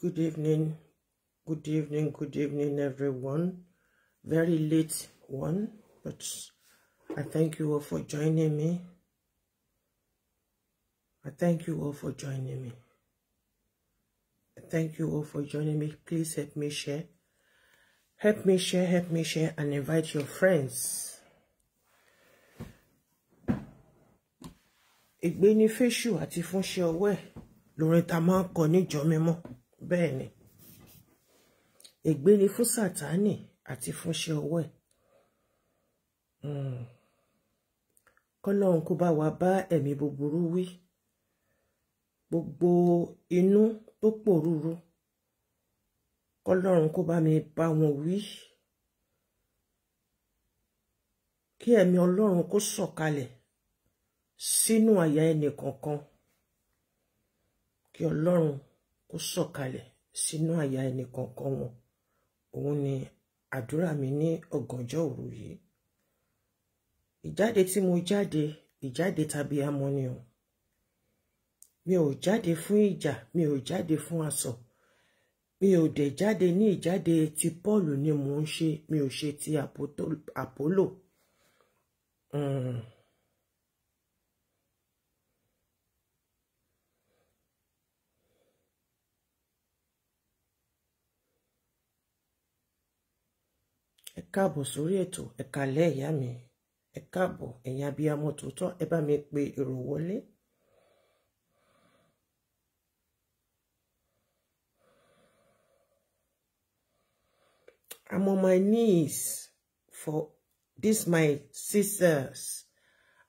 good evening good evening good evening everyone very late one but i thank you all for joining me i thank you all for joining me i thank you all for joining me please help me share help me share help me share and invite your friends ìgbéni fésù àti fúnṣe ọwọ́ ẹ̀ lórin ta máa ń kọ níjọ́ mímọ́ bẹ́ẹ̀ ni ègbé ni fún sátánì àti fúnṣẹ́ ọwọ́ ẹ̀ hmm. kọ́lọ́run kó bá wa bá ẹ̀mí búburú wí gbogbo inú tó pòrúurú kọ́lọ́run kó bá mi bá wọn wí kí ẹ̀mí ọlọ́run kó sọ̀kalẹ̀ sínú àyà ẹnì kọ̀ọ̀kan kí ọlọ́run kó sọ̀kalẹ̀ sínú àyà ẹnì kọ̀ọ̀kan wọn òun ni àdúrà mi ní ọ̀gànjọ́ òru yìí ìjáde tí mo jáde ìjáde tàbí amọ́ni o mi ò jáde fún ìjà mi ò jáde fún asọ̀ mi ò dẹ̀ jáde ní ìjáde ti Paul ni mò ń ṣe mi ò ṣe ti Apollo. Mm. ẹ káàbọ̀ sórí ètò ẹ kálẹ́ ìyá mi ẹ káàbọ̀ ẹ̀yin abiyamọ tòótọ́ ẹ bá mi pe èrò wọlé. I'm on my knees for this my sisters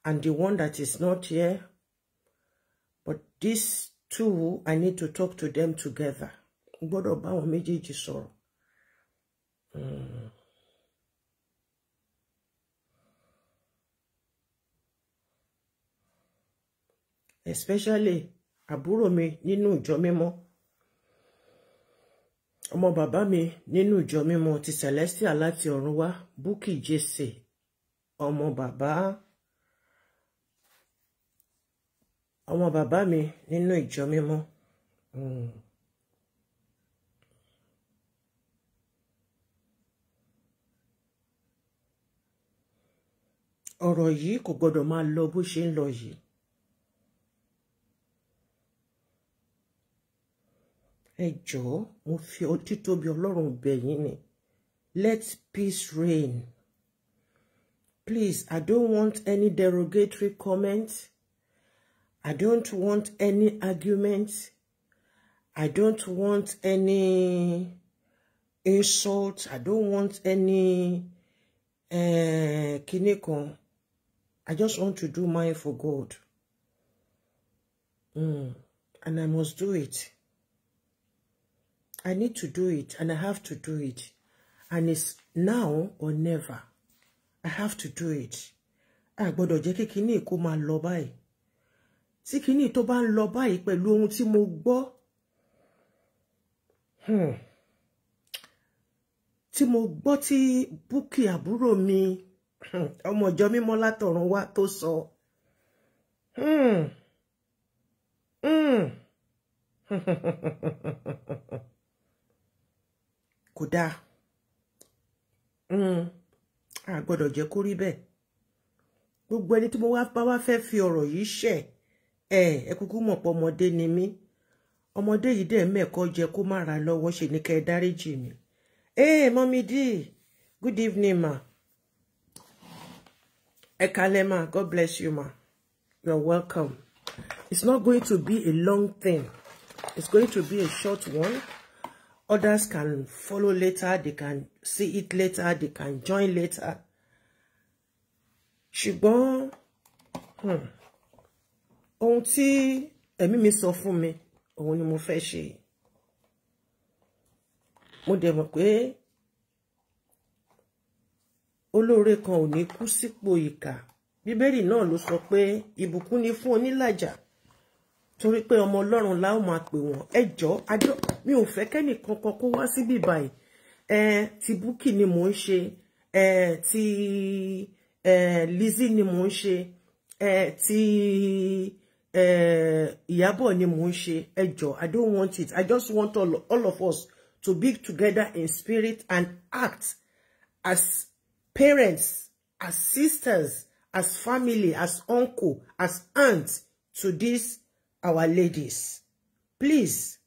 and the one that is not here but these two I need to talk to them together. Gbọ́dọ̀ bá àwọn méjèèjì sọ̀rọ̀. Mm. especially àbúrò mi nínú ìjọ mímọ́ ọmọ bàbá mi nínú ìjọ mímọ́ ti celestial láti ọ̀run wá Bukky Jesse ọmọ bàbá ọmọ bàbá mi nínú ìjọ mímọ́. Mm. ọ̀rọ̀ yìí kò gbọ́dọ̀ máa lọ bó ṣe ń lọ yìí ẹ jọ̀ọ́ mo fi títóbi ọlọ́run bẹ̀ yín ni let peace reign please i don't want any derogatory comment i don't want any argument i don't want any insult i don't want any uh, kan i just want to do mine for god mm. and i must do it. I need to do it and I have to do it. And it's now or never. I have to do it. A gbọ́dọ̀ jẹ́ kí kinní kó máa lọ báyìí. Tí kinní tó bá ń lọ ohun tí mo gbọ́. Hmm. Tí mo gbọ́ tí Búkì àbúrò mi hmm, ọmọ ìjọ mímọ́ látọ̀run wá tó sọ. Hmm. Hmm. kò dáa mm. a gbọ́dọ̀ jẹ́ kó rí bẹ́ẹ̀ gbogbo ẹni tí mo wá bá wá fẹ́ fi ọ̀rọ̀ yìí ṣẹ̀ ẹ ẹ kúkú mọ̀ pé ọmọdé ni mí ọmọdé yìí dẹ̀ mẹ́ẹ̀kọ́ jẹ kó má ra lọ́wọ́ ṣe ní kẹ́ ẹ dáríjì mi ee mọ́mí dì good evening ma ẹ kalẹ̀ ma god bless you ma you're welcome it's not going to be a long thing it's going to be a short one. Others can follow later, they can see it later, they can join later. Ṣùgbọ́n hmm, ohun tí ẹ̀mí mi sọ fún mi, òun ni mo fẹ́ ṣe. Mo dẹ̀ mọ̀ pé olóore kan ò ní kú sípò ìkà. Bíbélì náà ló sọ pé ni fún onílàjà torí pé ọmọ ọlọ́run la ó máa pè wọ́n ẹjọ́ adó mi ò fẹ́ kẹ́nì kankan kó wá síbí báyìí ti Bukky ni mò ń ṣe ti Lizzie ni mò ń ṣe ti Ìyábọ̀ ni mò ń ṣe ẹjọ́ I don't want it I just want all, all of us to be together in spirit and act as parents as sisters as family as uncle as aunt to this our ladies. Please.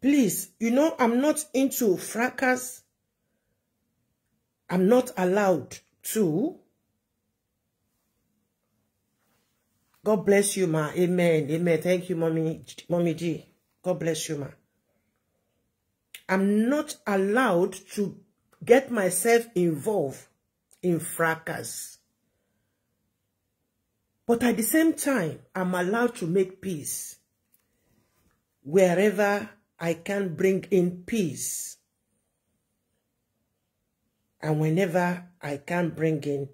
Please, you know, I'm not into fracas. I'm not allowed to. God bless you, ma. Amen. Amen. Thank you, mommy, mommy G. God bless you, ma. I'm not allowed to get myself involved in fracas. But at the same time, I'm allowed to make peace wherever I can bring in peace. And whenever I can bring in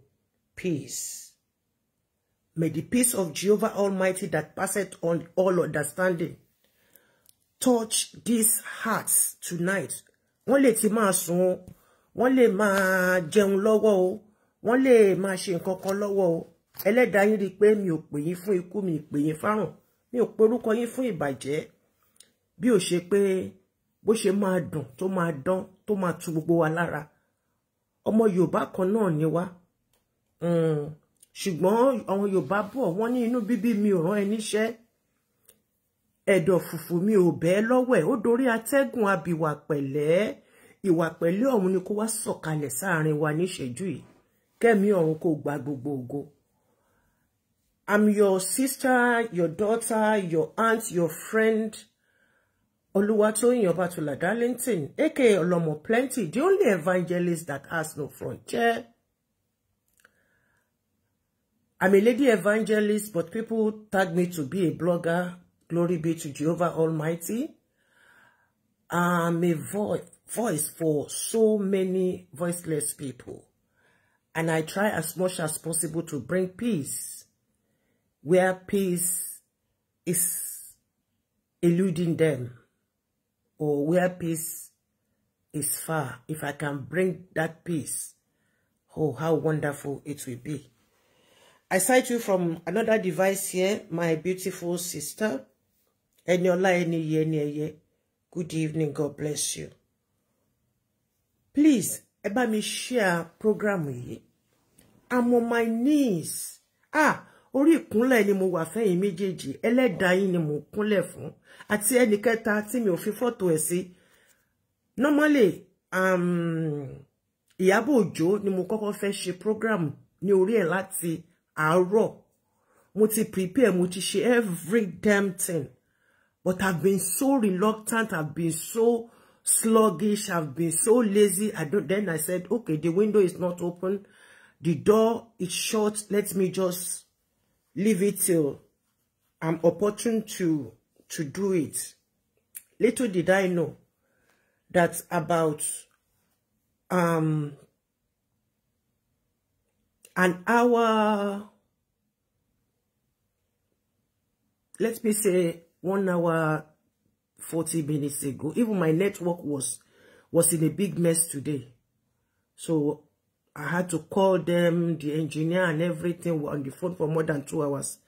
peace. May the peace of Jehovah Almighty that passeth on all understanding touch these hearts tonight. Wọ́n lè ti máa sùn o, wọ́n lè máa jẹun lọ́wọ́ o, wọ́n lè ẹlẹ́dàá yín rí i pé mi ò pè yín fún ikú mi pè yín fárùn mi ò pe orúkọ yín fún ìbàjẹ́ bí ò ṣe pé bó ṣe máa dùn tó máa dán tó máa tu gbogbo wa lára ọmọ yorùbá kan náà ni wá hmm, ṣùgbọ́n àwọn yorùbá bọ̀ wọ́n ní inú bíbí mi ò rán ẹ níṣẹ́ ẹ̀dọ̀ fùfù mi ò bẹ́ẹ̀ lọ́wọ́ ẹ̀ ó dorí atẹ́gùn abìwà pẹ̀lẹ́ ìwà pẹ̀lẹ́ ọ̀hún ni kó wá sọ̀kalẹ̀ sáàrin wa níṣẹ́jú yìí kẹ́mi ọ̀run kò gba gbogbo ògo. I'm your sister, your daughter, your aunt, your friend. Oluwato in Oluwatoyin Obatula Darlington, aka Olomo Plenty, the only evangelist that has no frontier. I'm a lady evangelist, but people tag me to be a blogger. Glory be to Jehovah Almighty. I'm a voice, voice for so many voiceless people. And I try as much as possible to bring peace where peace is eluding them or where peace is far. If I can bring that peace, oh, how wonderful it will be. I cite you from another device here, my beautiful sister. Eniola Eniye Eniye. Good evening. God bless you. Please, ẹ me share program with you. I'm on my knees. Ah, orí ìkúnlẹ̀ ni mo wà fẹ́yìn méjèèjì ẹlẹ́dàá yín ni mo kúnlẹ̀ fún àti ẹnì kẹta tí mi ò fi fọ́tò ẹ̀ sí normally um, Ìyábọ̀ Òjó ni mo kọ́kọ́ fẹ́ ṣe program ní orí ẹ̀ láti àárọ̀ mo ti prepare mo ti ṣe every damn thing but I've been so reluctant I've been so sluggish I've been so lazy I don't then I said okay the window is not open the door is shut let me just leave it till I'm opportune to to do it. Little did I know that about um an hour let me say one hour forty minutes ago even my network was was in a big mess today so I had to call them, the engineer and everything were on the phone for more than two hours.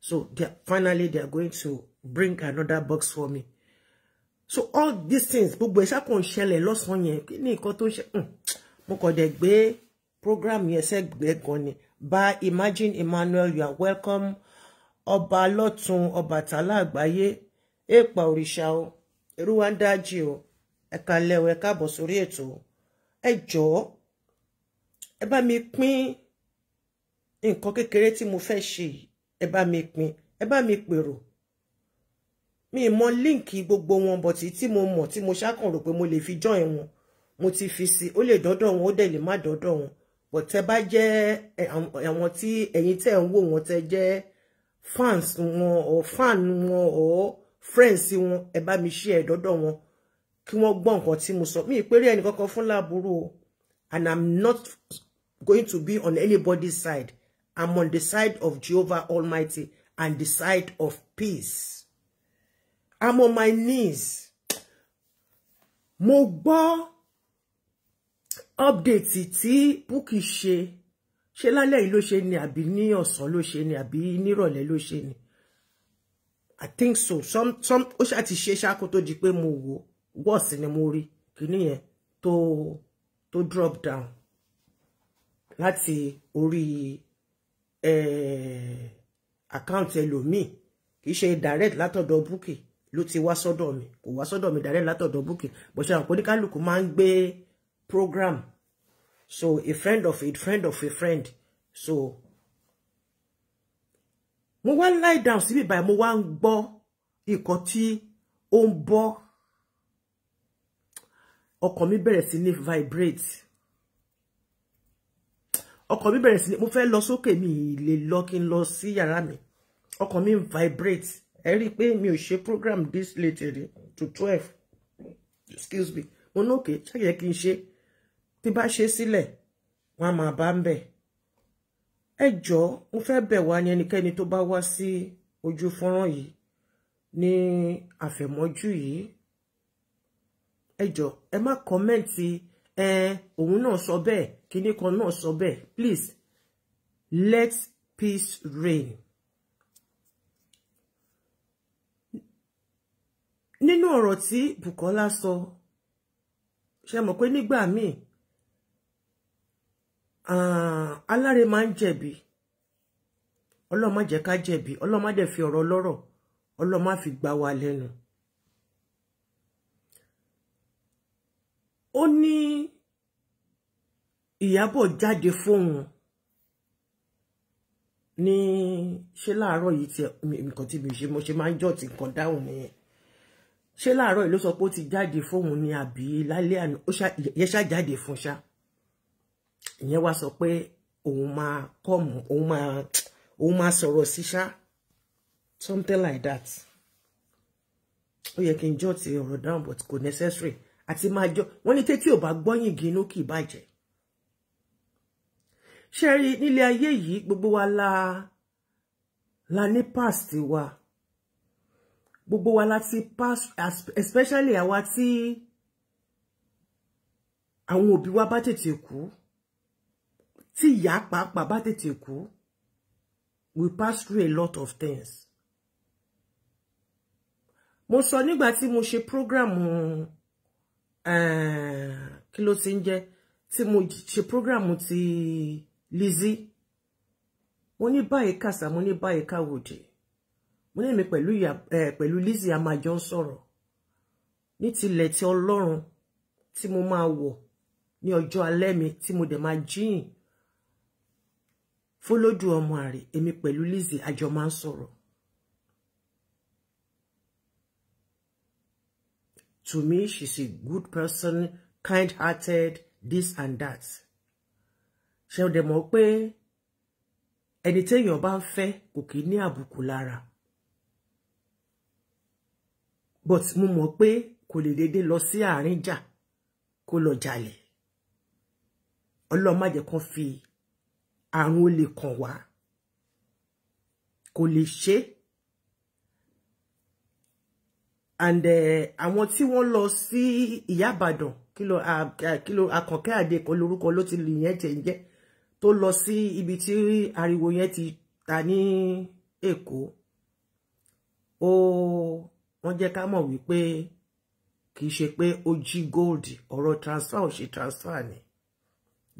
So they finally, they are going to bring another box for me. So all these things, gbogbo ẹ̀ṣá kan ṣẹlẹ̀ lọ́sàn-án yẹn, kí ni nǹkan tó hmm. program yẹn sẹ́gbẹ̀ẹ́ kan Imagine Emmanuel, you are welcome. Ọba lọ́tún Ọbàtálá àgbáyé, èèpà òrìṣà o, ẹrú wa ń dájí o, ẹ̀ka lẹ́wọ̀ ẹ̀ka bọ̀ sórí ètò o. Ẹ ẹ bá mi pín nǹkan kékeré ti mo fẹ́ ṣe yìí ẹ bá mi pín ẹ bá mi pèrò mi mọ líǹkì gbogbo wọn bọ̀tí tí mo mọ̀ tí mo ṣákàn rò pé mo lè fi join wọn mo ti fi sí ó lè dọ́dọ̀ wọn ó dẹ̀ lè má dọ́dọ̀ wọn bọ̀ tẹ bá jẹ́ àwọn tí ẹ̀yin tẹ̀ ń wò wọn tẹ fans wọn ọ̀ fan wọn ọ̀ friends wọn ẹ bá mi ṣí ẹ̀ dọ́dọ̀ wọn kí wọ́n gbọ́ nǹkan tí mo sọ mi ìpèrè ẹnì kankan fún láàbúrò and i'm not going to be on anybody's side. I'm on the side of Jehovah Almighty and the side of peace. I'm on my knees. Mo gbọ́ update tí Bukky ṣe. Ṣé ilo yìí ló ṣe ni àbí ní ọ̀sán ló ṣe ni àbí nírọ̀lẹ́ ló ni. I think so. Some some ó ṣá ti ṣe ṣá kó tó di pé mo wò. Worse ni mo rí. Kíní yẹn to tó drop down láti orí àkáǹtì eh, ẹlòmíì kì í ṣe direct látọ̀dọ̀ búkì ló ti wá sọ́dọ̀ mi kò wá sọ́dọ̀ mi direct látọ̀dọ̀ búkì bó ṣe àpò oníkálukú máa ń gbé program so a friend of a friend of a friend so mo wá lie down síbí báyìí mo wá ń gbọ́ nǹkan tí ó ń bọ́ ọkàn mi bẹ̀rẹ̀ sí ní vibrate ọkàn mi bẹ̀rẹ̀ sí ni mo fẹ́ lọ sókè mi lè lọ kí n lọ sí yàrá mi ọkàn mi vibrate ẹ rí i pé mi ò ṣe program this late rí to twelve excuse me mo ní òkè ṣàyẹ kí n ṣe tí bá ṣe sílẹ̀ wọn a máa bá ń bẹ̀ ẹ jọ̀ọ́ mo fẹ́ bẹ̀ wá ní ẹnikẹ́ni tó bá wá sí ojú fọ́nrán yìí ní àfẹ̀mọ́jú yìí ẹ jọ̀ọ́ ẹ má kọ́mẹ́ǹtì ẹ òun náà sọ bẹ́ẹ̀ kíní kan náà sọ bẹ́ẹ̀ please let peace reign. nínú ọ̀rọ̀ tí Bukola sọ ṣe mọ̀ pé nígbà míì aláre máa ń jẹ̀bi ọlọ́run má jẹ́ ká jẹ̀bi ọlọ́run má dẹ̀ fi ọ̀rọ̀ lọ́rọ̀ ọlọ́run má fi gbá wa lẹ́nu. Oni Ìyábọ̀ jáde fóun ní ṣé láàárọ̀ yìí ti nǹkan tí mi ṣe mo ṣe máa ń jọ́ ti nǹkan dáhùn nìyẹn ṣé láàárọ̀ yìí ló sọ pé ó ti jáde fóun ní àbí lálẹ́ àná ó yẹn ṣá jáde fún ṣá ìyẹn wá sọ pé òun máa kọ́mù òun máa òun máa sọ̀rọ̀ sí ṣá something like that ó yẹ kí n jọ́ ti ọ̀rọ̀ dáhùn but kò necessary àti máa jọ wọ́n ní tẹ́tí ò bá gbọ́yìn gínú kì í bàjẹ́ ṣe rí nílé ayé yìí gbogbo wa la la ní past wa gbogbo wa láti past especially àwa tí àwọn òbí wa bá tètè kú tí ìyá pàápàá bá tètè kú we pass through a lot of things mo sọ nígbà tí mo ṣe program eh, kí ló ti ń jẹ́ tí mo ṣe program ti. Uh, Lizzie mo ní báyìí kàṣà mo ní báyìí káwòdì mo ní èmi pẹ̀lú ìyá eh, pẹ̀lú Lizzie a máa jọ ń sọ̀rọ̀ ní tilẹ̀ ti Ọlọ́run tí mo máa wọ̀ ní ọjọ́ alẹ́ mi tí mo dẹ̀ máa jíyìn fólódù ọmọ àrè èmi pẹ̀lú Lizzie àjọ máa ń sọ̀rọ̀ to me she's a good person kind-hearted this and that ṣé o dẹ̀ mọ̀ pé ẹni téèyàn bá ń fẹ́ kò kì í ní but mo mọ̀ pé kò lè dédé lọ sí àárín jà kó lọ jalè ọlọ́run má jẹ́ kán fi àrùn olè kàn wá kò lè ṣe and eh, àwọn tí wọ́n lọ sí ìyá ìbàdàn kí ló akànkẹ́ ah, àdé kan lórúkọ ló ti lè yẹn jẹ́ tó lọ sí ibi tí ariwo yẹn ti ta ní Èkó ó wọ́n jẹ́ ká mọ̀ wípé kì í ṣe pé ó jí gold ọ̀rọ̀ transfer ò ṣe transfer ni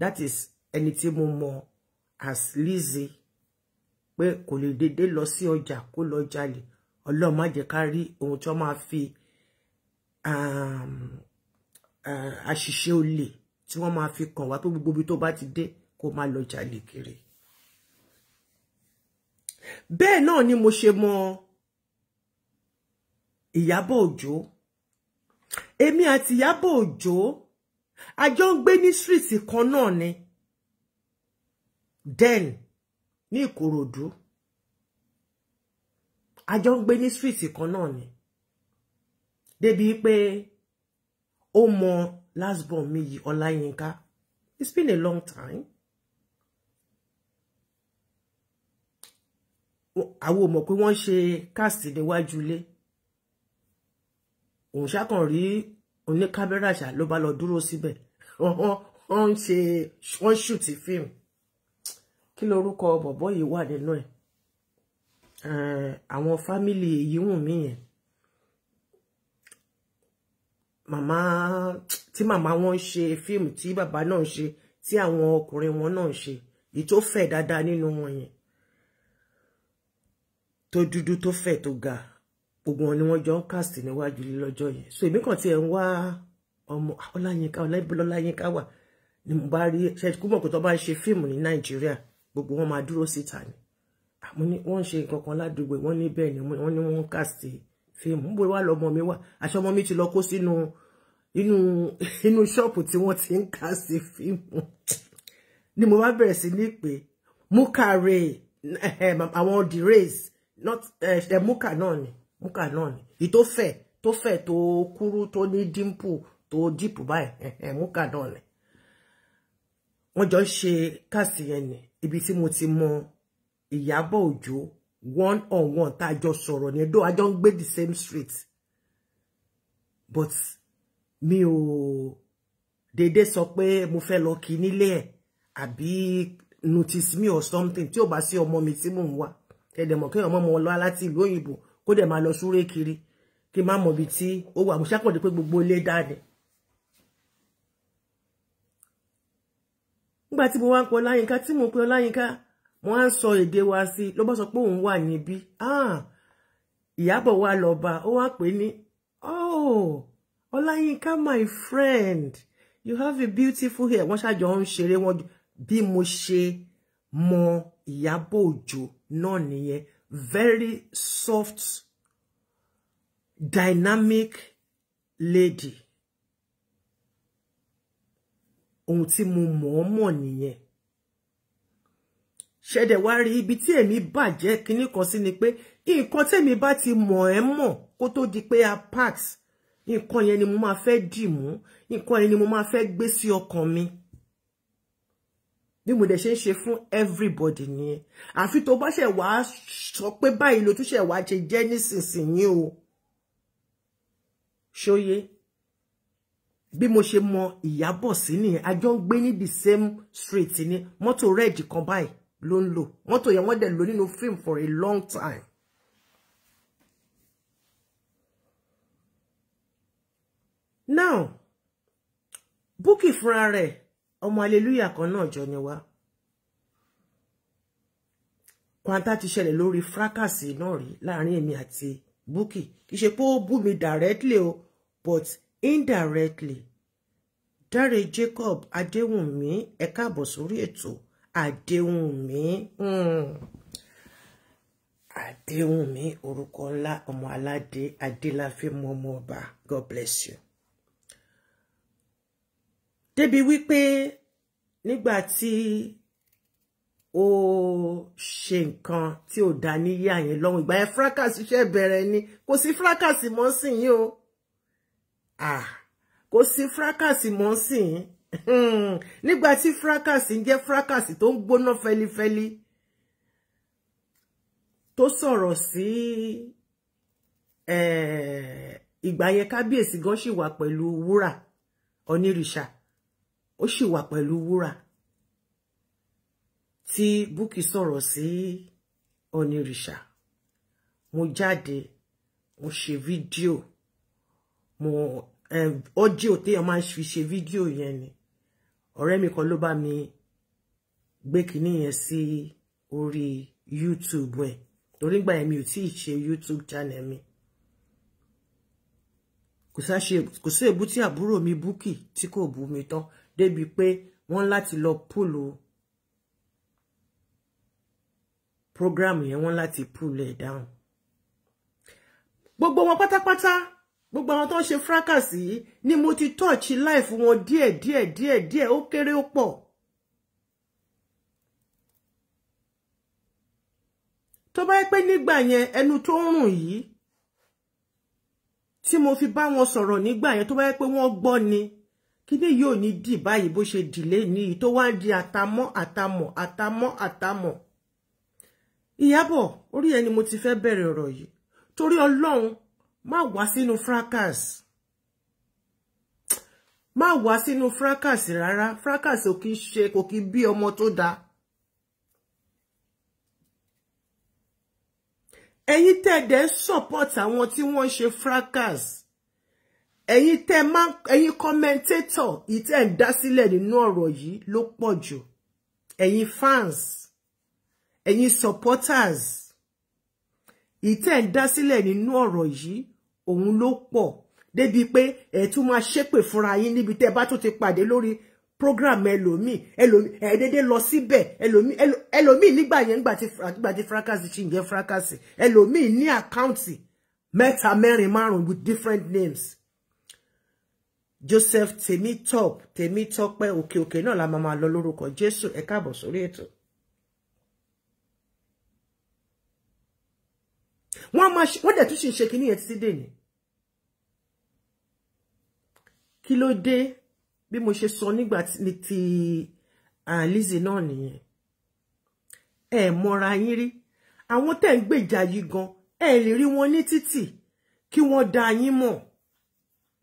that is ẹni tí mo mọ̀ as Lizzie pé kò lè dédé lọ sí ọjà kó lọ jalè Ọlọ́run má jẹ́ ká rí ohun tí wọ́n máa fi um, uh, àṣìṣe olè tí wọ́n máa fi kàn wá pé gbogbo ibi tó bá ti dé kó má lọ jalè kiri bẹ́ẹ̀ náà ni mo ṣe mọ Ìyábọ̀ Òjó èmi àti Ìyábọ̀ Òjó a jọ ń gbé ní street kan náà ni den ní Ìkòròdú a jọ ń gbé ní street kan náà ni débi pé ó mọ last born mi yìí Ọláyínká it's been a long time. àwọn ò mọ̀ pé wọ́n ṣe cast níwájú ilé òun ṣàkàn rí oníkámẹ́rà ṣá ló bá lọ dúró síbẹ̀ wọ́n ń ṣe wọ́n ṣùtì fíìmù kí lorúkọ bọ̀bọ́ yìí wà nínú ẹ̀ àwọn fámìlì èyí wù mí yẹn màmá tí màmá wọn ṣe fíìmù tí bàbá náà ṣe tí àwọn ọkùnrin wọn náà ṣe èyí fẹ̀ dáadáa nínú wọn yẹn tó dúdú tó fẹ̀ tó ga gbogbo wọn ni wọ́n jọ ń cast níwájú ilé lọ́jọ́ yẹn so èmi kàn tiẹ̀ ń wá ọmọ ọláyínká ọláìbọlá ọláyínká wà ni mo bá rí ṣe kúmọ kó tó bá ń ṣe fíìmù ní nàìjíríà gbogbo wọn máa dúró síta ni àmọ́ ní wọ́n ń ṣe nǹkan kan ládùúgbò wọ́n ní bẹ́ẹ̀ ni wọ́n ní wọ́n cast fíìmù ń bọ wá lọ́mọ mi wà àṣọ ọmọ mi ti lọ kó sínú inú inú ṣọ́ọ̀pù tí wọ́n ti ń cast fíìmù ni mo bá bẹ̀rẹ̀ sí ní pé mú kàrè àwọn the race not the eh, múkà náà ni múkà náà ni ìtò fẹ̀ tó fẹ̀ tó to tó ní dímpù tó dípù báyìí ẹ múkà náà ni wọ́n jọ ń ṣe káàsì ni ibi tí mo ti mọ Ìyábọ̀ Òjó one on one tá a jọ sọ̀rọ̀ ni though a jọ ń the same street but mi o dédé sọ pé mo fẹ́ lọ kí nílé ẹ̀ notice me or something Ti o bá sí ọmọ mi tí mò ń tẹ̀dẹ̀mọ̀ kí ọmọ mọ lọ́wọ́ láti ìlú òyìnbó kó dẹ̀ máa lọ súré kiri kí má mọ̀ bí tí ó wà mọ̀ṣákọ̀dé pé gbogbo ilé dáadé. nígbà tí mo wá ń pe ọláyínká tí mo pe ọláyínká mo á ń sọ èdè wa sí i ló bá sọ pé òun wà níbí ah! ìyábọ̀ wa lọ bá ó wá pè ní oh ọláyínká my friend you have a beautiful hair wọ́n ṣàjọ ń ṣeré wọn bí mo ṣe mọ ìyábọ̀ òjò náà nìyẹn very soft dynamic lady ohun tí mo mọ̀ ọ́ mọ̀ nìyẹn ṣẹ̀dẹ̀ wá rí ibi tí èmi bàjẹ́ kinní kan sí ni pé nǹkan tèmi bá ti mọ̀ ẹ́ mọ̀ kó tó di pé a part nǹkan yẹn ni mo máa fẹ́ dì mú nǹkan yẹn ni mo máa fẹ́ gbé sí ọkàn mi bí mo dẹ̀ ṣe ń ṣe fún everybody nìyẹn àfi tó bá ṣẹ̀ wá sọ pé báyìí ló tún ṣẹ̀ wá ṣe jẹ́ nísinsìnyí o ṣóyé bí mo ṣe mọ Ìyábọ̀ sí nìyẹn a jọ ń gbé ní the same street ni mọ́tò red kan báyìí ló ń lò mọ́tò yẹn wọ́n dẹ̀ lò nínú film for a long time. now Bukky fúnra rẹ̀ ọmọ aleluya kan náà jọ ni wá kwanta ti ṣẹlẹ̀ lórí fracasi náà rí láàrin èmi àti Bukky kì í ṣe pé ó bú mi directly o but indirectly Dáre Jacob Adéwùnmí ẹ káàbọ̀ sórí ètò Adéwùnmí hmm. Adéwùnmí orúkọ ńlá ọmọ aládé adéláfẹ mọmọ ọba God bless you débi wípé nígbà tí ó ṣe nǹkan tí ò dá níyà yẹn lọ́hùn ìgbà yẹn fracas iṣẹ́ bẹ̀rẹ̀ ni kò sí fracas mọ́ sìn yín o ah kò sí fracas mọ́ sìn yín hmm, nígbà tí fracas ń jẹ́ fracas tó ń gbóná fẹlifẹli tó sọ̀rọ̀ sí eh, ìgbà yẹn kábíyèsí gan ṣì wà pẹ̀lú wúrà onírìṣà ó sì wà pẹ̀lú wúrà tí Bukky sọ̀rọ̀ sí onírìṣà mo jáde mo ṣe fídíò mo ọjíò téèyàn máa fi ṣe fídíò yẹn ni ọ̀rẹ́ mi kan ló bá mi gbé kinní yẹn sí orí YouTube ẹ̀ torí gbà yẹn mi ò tíì ṣe YouTube channel mi kò sí èébú tí àbúrò mi Bukky tí kò bú mi tán débi pé wọ́n láti lọ púlù program yẹn wọ́n láti púlù ẹ̀ dáhùn gbogbo wọn pátápátá gbogbo àwọn tó ń ṣe fracas yìí ni mo ti tọ́ọ̀chì láìfù wọn díẹ̀ díẹ̀ díẹ̀ díẹ̀ ó kéré ó pọ̀ tó bá yẹ pé nígbà yẹn ẹnu tó ń rùn yìí tí mo fi bá wọn sọ̀rọ̀ nígbà yẹn tó bá yẹ pé wọ́n gbọ́ ni kíní yóò ní dì báyìí bó ṣe dìlé níyì tó wá ń di àtàmọ́ àtàmọ́ àtàmọ́ àtàmọ́ Ìyábọ̀ orí ẹni mo ti fẹ́ bẹ̀rẹ̀ ọ̀rọ̀ yìí torí Ọlọ́run má wá sínú fracas má wá sínú fracas rárá fracas ò kí ṣe kò kí bí ọmọ tó dáa ẹ̀yin tẹ̀dẹ̀ support àwọn tí wọ́n ṣe fracas ẹ̀yin tẹ́ máa ẹ̀yin commentator yìí tẹ́ ń dá sílẹ̀ nínú ọ̀rọ̀ yìí ló pọ̀ jù ẹ̀yin fans ẹ̀yin supporters yìí tẹ́ ń dá sílẹ̀ nínú ọ̀rọ̀ yìí òun ló pọ̀ débi pé ẹ tún máa ṣépè fúnra yín níbi tẹ́ bá tún ti pàdé lórí program ẹlòmíì ẹlòmíì ẹ̀ẹ́dẹ́dẹ́ lọ síbẹ̀ ẹlòmíì ẹlòmíì nígbà yẹn nígbà tí fracasi ṣì ń jẹ́ fracasi ẹlòmíì ní àkáǹtì mẹ́ta mẹ́rin márùn-ún with different names Joseph temi Temitọ́pẹ́ òkè òkè náà la máa lọ lórúkọ Jésù ẹ káàbọ̀ sórí ètò. Wọ́n máa wọ́n dẹ̀ tún ṣì ń ṣe kínní yẹn títí dèní. Kí ló dé bí mo ṣe sọ nígbà ní ti Lizzie náà nìyẹn. Ẹ mọra yín rí àwọn tẹ́ ń gbèjà yìí gan ẹ lè rí wọn ní títì kí wọ́n dá yín mọ̀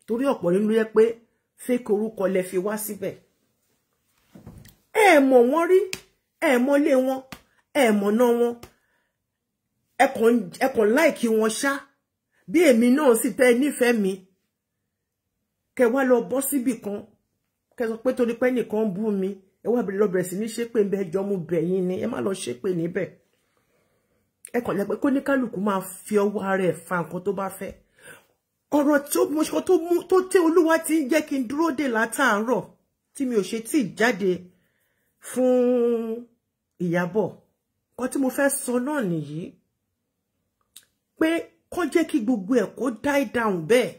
torí ọ̀pọ̀ nínú yẹ pé fake orúkọ lẹ fi wá síbẹ̀ ẹ mọ̀ wọ́n rí ẹ mọ́lé wọn ẹ mọ̀nà wọn ẹ kàn láìkí wọn ṣá bí èmi náà sì tẹ́ nífẹ̀ẹ́ mi kẹ wá lọ bọ́ síbì kan kẹ sọ pé torí pé nìkan bú mi ẹ wá lọ bẹ̀rẹ̀ sí ní ṣépè ń bẹ ẹjọ́ mú bẹ̀yìn ni ẹ má lọ ṣépè níbẹ̀ ẹ kàn lẹ pé kóníkálùkù máa fi ọwọ́ ara ẹ̀ fa nǹkan tó bá fẹ́ ọ̀rọ̀ tí ó mo ṣe tó tẹ́ olúwa ti ń jẹ́ kí n dúró dè látàárọ̀ tí mi ò ṣe tí jáde fún Ìyábọ̀ nǹkan tí mo fẹ́ sọ náà nìyí pé kó jẹ́ kí gbogbo ẹ̀ kó die down bẹ́ẹ̀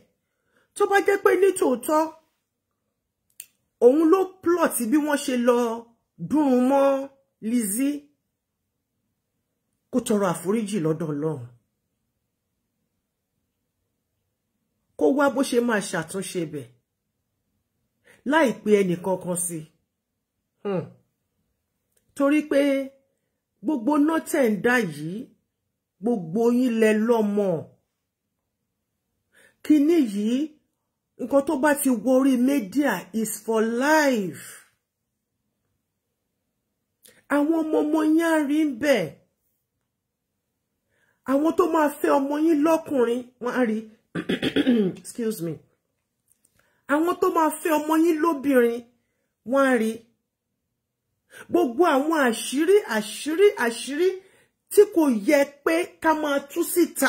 tó bá jẹ́ pé nítòótọ́ òun ló plot bí wọ́n ṣe lọ dùn mọ́ Lizzy kó tọrọ àforíjì lọ́dọ̀ Ọlọ́run kó wá bó ṣe máa ṣàtúnṣe bẹ̀ láì pe ẹnìkankan sí hmm. torí pé gbogbo nọ́tẹ̀ ń dá yìí gbogbo yín lẹ lọ́mọ kíní yìí nǹkan tó bá ti wọrí media is for life àwọn ọmọ ọmọ yín á rí ń bẹ̀ àwọn tó máa fẹ́ ọmọ yín lọ́kùnrin wọ́n á rí i excuse me àwọn tó máa fẹ́ ọmọ yín lóbìnrin wọ́n á rí gbogbo àwọn àṣírí àṣírí àṣírí tí kò yẹ pé ká máa tú síta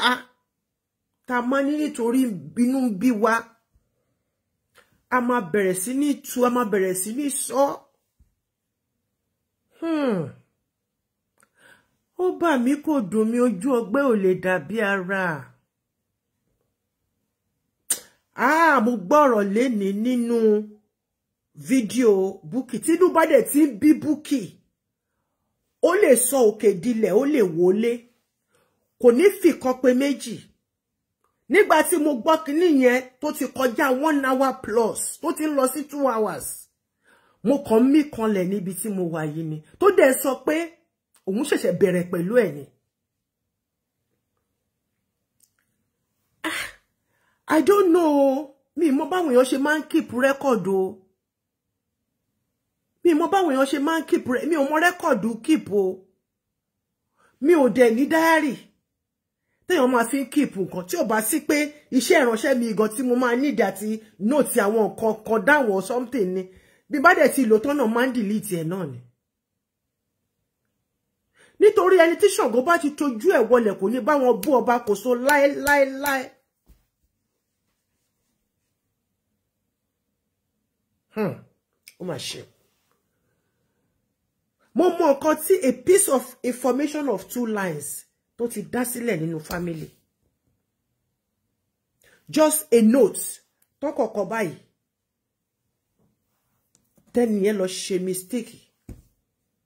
tá a máa ní nítorí bínú bí wa a máa bẹ̀rẹ̀ sí ní tu a máa bẹ̀rẹ̀ sí ní sọ. Hmm. ó bà mí kò dùn mí ojú ọgbẹ́ ò lè dàbí ara ah mo gbọ́rọ̀ lénìí nínú fídíò Bukky tínú bá dẹ̀ ti ń bí Bukky ó lè sọ òkè dilẹ̀ ó lè wọlé kò ní fìkan pé méjì nígbà tí mo gbọ́ kíní yẹn tó ti kọjá one hour plus tó ti lọ sí two hours mo kàn mí kanlẹ̀ níbi tí mo wà yìí ni tó dẹ̀ sọ pé òun ṣẹ̀ṣẹ̀ bẹ̀rẹ̀ pẹ̀lú ẹ̀yìn I don't know. Mi mọ báwọn èèyàn ṣe máa ń keep record o. Mi mọ báwọn èèyàn ṣe máa ń keep mi ò mọ record keep o. Mi ò dẹ̀ ní diary. Téèyàn máa fi keep nǹkan tí ò bá sí pé iṣẹ́ ìránṣẹ́ mi gan tí mo máa need àti note àwọn nǹkan kan down or something ni. Bí bá dẹ̀ ti lò tán náà máa ń delete ẹ̀ náà ni. Nítorí ẹni tí Ṣàngó bá ti tojú ẹ̀ wọlẹ̀ kò ní bá wọn bú ọba kò so láéláéláé. Hmm. ó mà ṣe mo mọ nǹkan tí a piece of information of two lines tó ti dá sílẹ̀ nínú family just a note tó kọ̀kọ̀ báyìí tẹ́niyẹn lo ṣe mistake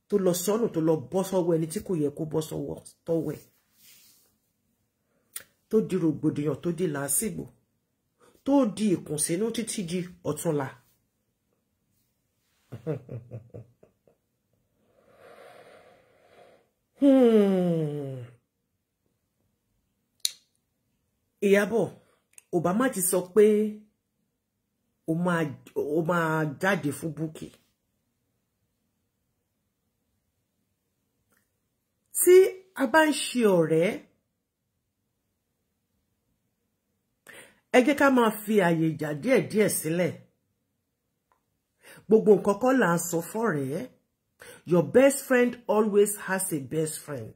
tó lọ sọnù tó lọ bọ́ sọ́wọ́ ẹni tí kò yẹ kó bọ́ sọ́wọ́ tọ́wọ́ ẹ̀ tó di rògbòdìyàn tó di làásìgbò tó di ìkùnsínú títí di ọ̀túnla. Ìyábọ̀ Obama ti sọ pé ó máa ó máa jáde fún Bukky tí a bá ń ṣe ọ̀rẹ́ ẹ ká máa fi àyè ìjà díẹ̀díẹ̀ sílẹ̀. Si gbogbo nǹkan kọ́ là ń sọ fọ́rẹ̀ẹ́ your best friend always has a best friend.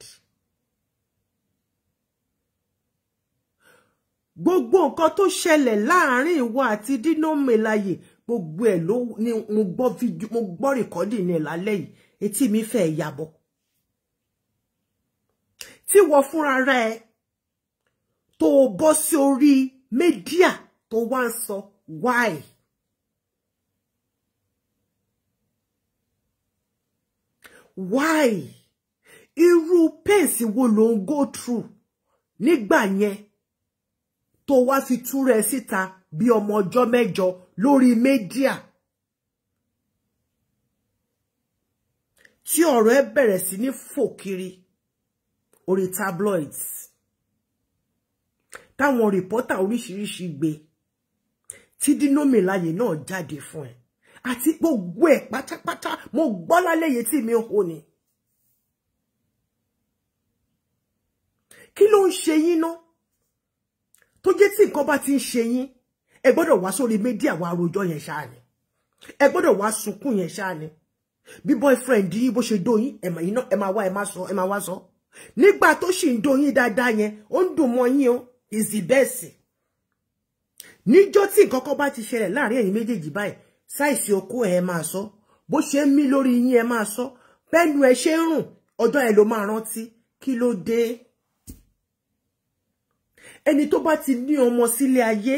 gbogbo nǹkan tó ṣẹlẹ̀ láàrin ìwọ àti Dino Melaye gbogbo ẹ̀ ló ni mo gbọ́ fídíò mo gbọ́ rìkọ́dì ní ìlálẹ́ yìí etí mi fẹ́ yàbọ̀ tí wọ́n fúnra rẹ̀ tó bọ́ sí orí mẹ́díà tó wá ń sọ why. why irú pace wo ló go through nígbà yẹn tó wá fi túra ẹ síta bí ọmọ ọjọ́ mẹ́jọ media tí ọ̀rọ̀ ẹ bẹ̀rẹ̀ sí ní fò kiri orí tabloids táwọn rìpọ́tà oríṣiríṣi gbé tí dínomi láyè náà jáde fún ẹ Ati gbogbo ẹ̀ pátápátá mo gbọ́ lálẹ́yẹ tí mi hò ní. kí ló ń ṣe no, ná tó jẹ́ tí nǹkan bá ti ń ṣe yín ẹ gbọ́dọ̀ wá sórí wa rojọ́ yẹn ṣáà ni ẹ gbọ́dọ̀ wá sunkún yẹn ṣáà ni bí boyfriend yìí bó ṣe dóyin ẹ mà iná ẹ máa wá ẹ má sọ ẹ máa wá sọ nígbà tó sì ń dóyin dáadáa yẹn ó ń dùn mọ́ yín o ìsì bẹ́ẹ̀ sì níjọ́ tí nǹkan kan bá ti ṣẹlẹ̀ láàrin ẹ̀yin méjèèjì báyìí size okó ẹ máa sọ bó ṣe mí lórí yín ẹ máa sọ pẹ̀lú ẹ ṣe rùn ọjọ́ ẹ ló máa rántí kí ló dé ẹni tó bá ti ní ọmọ sílé ayé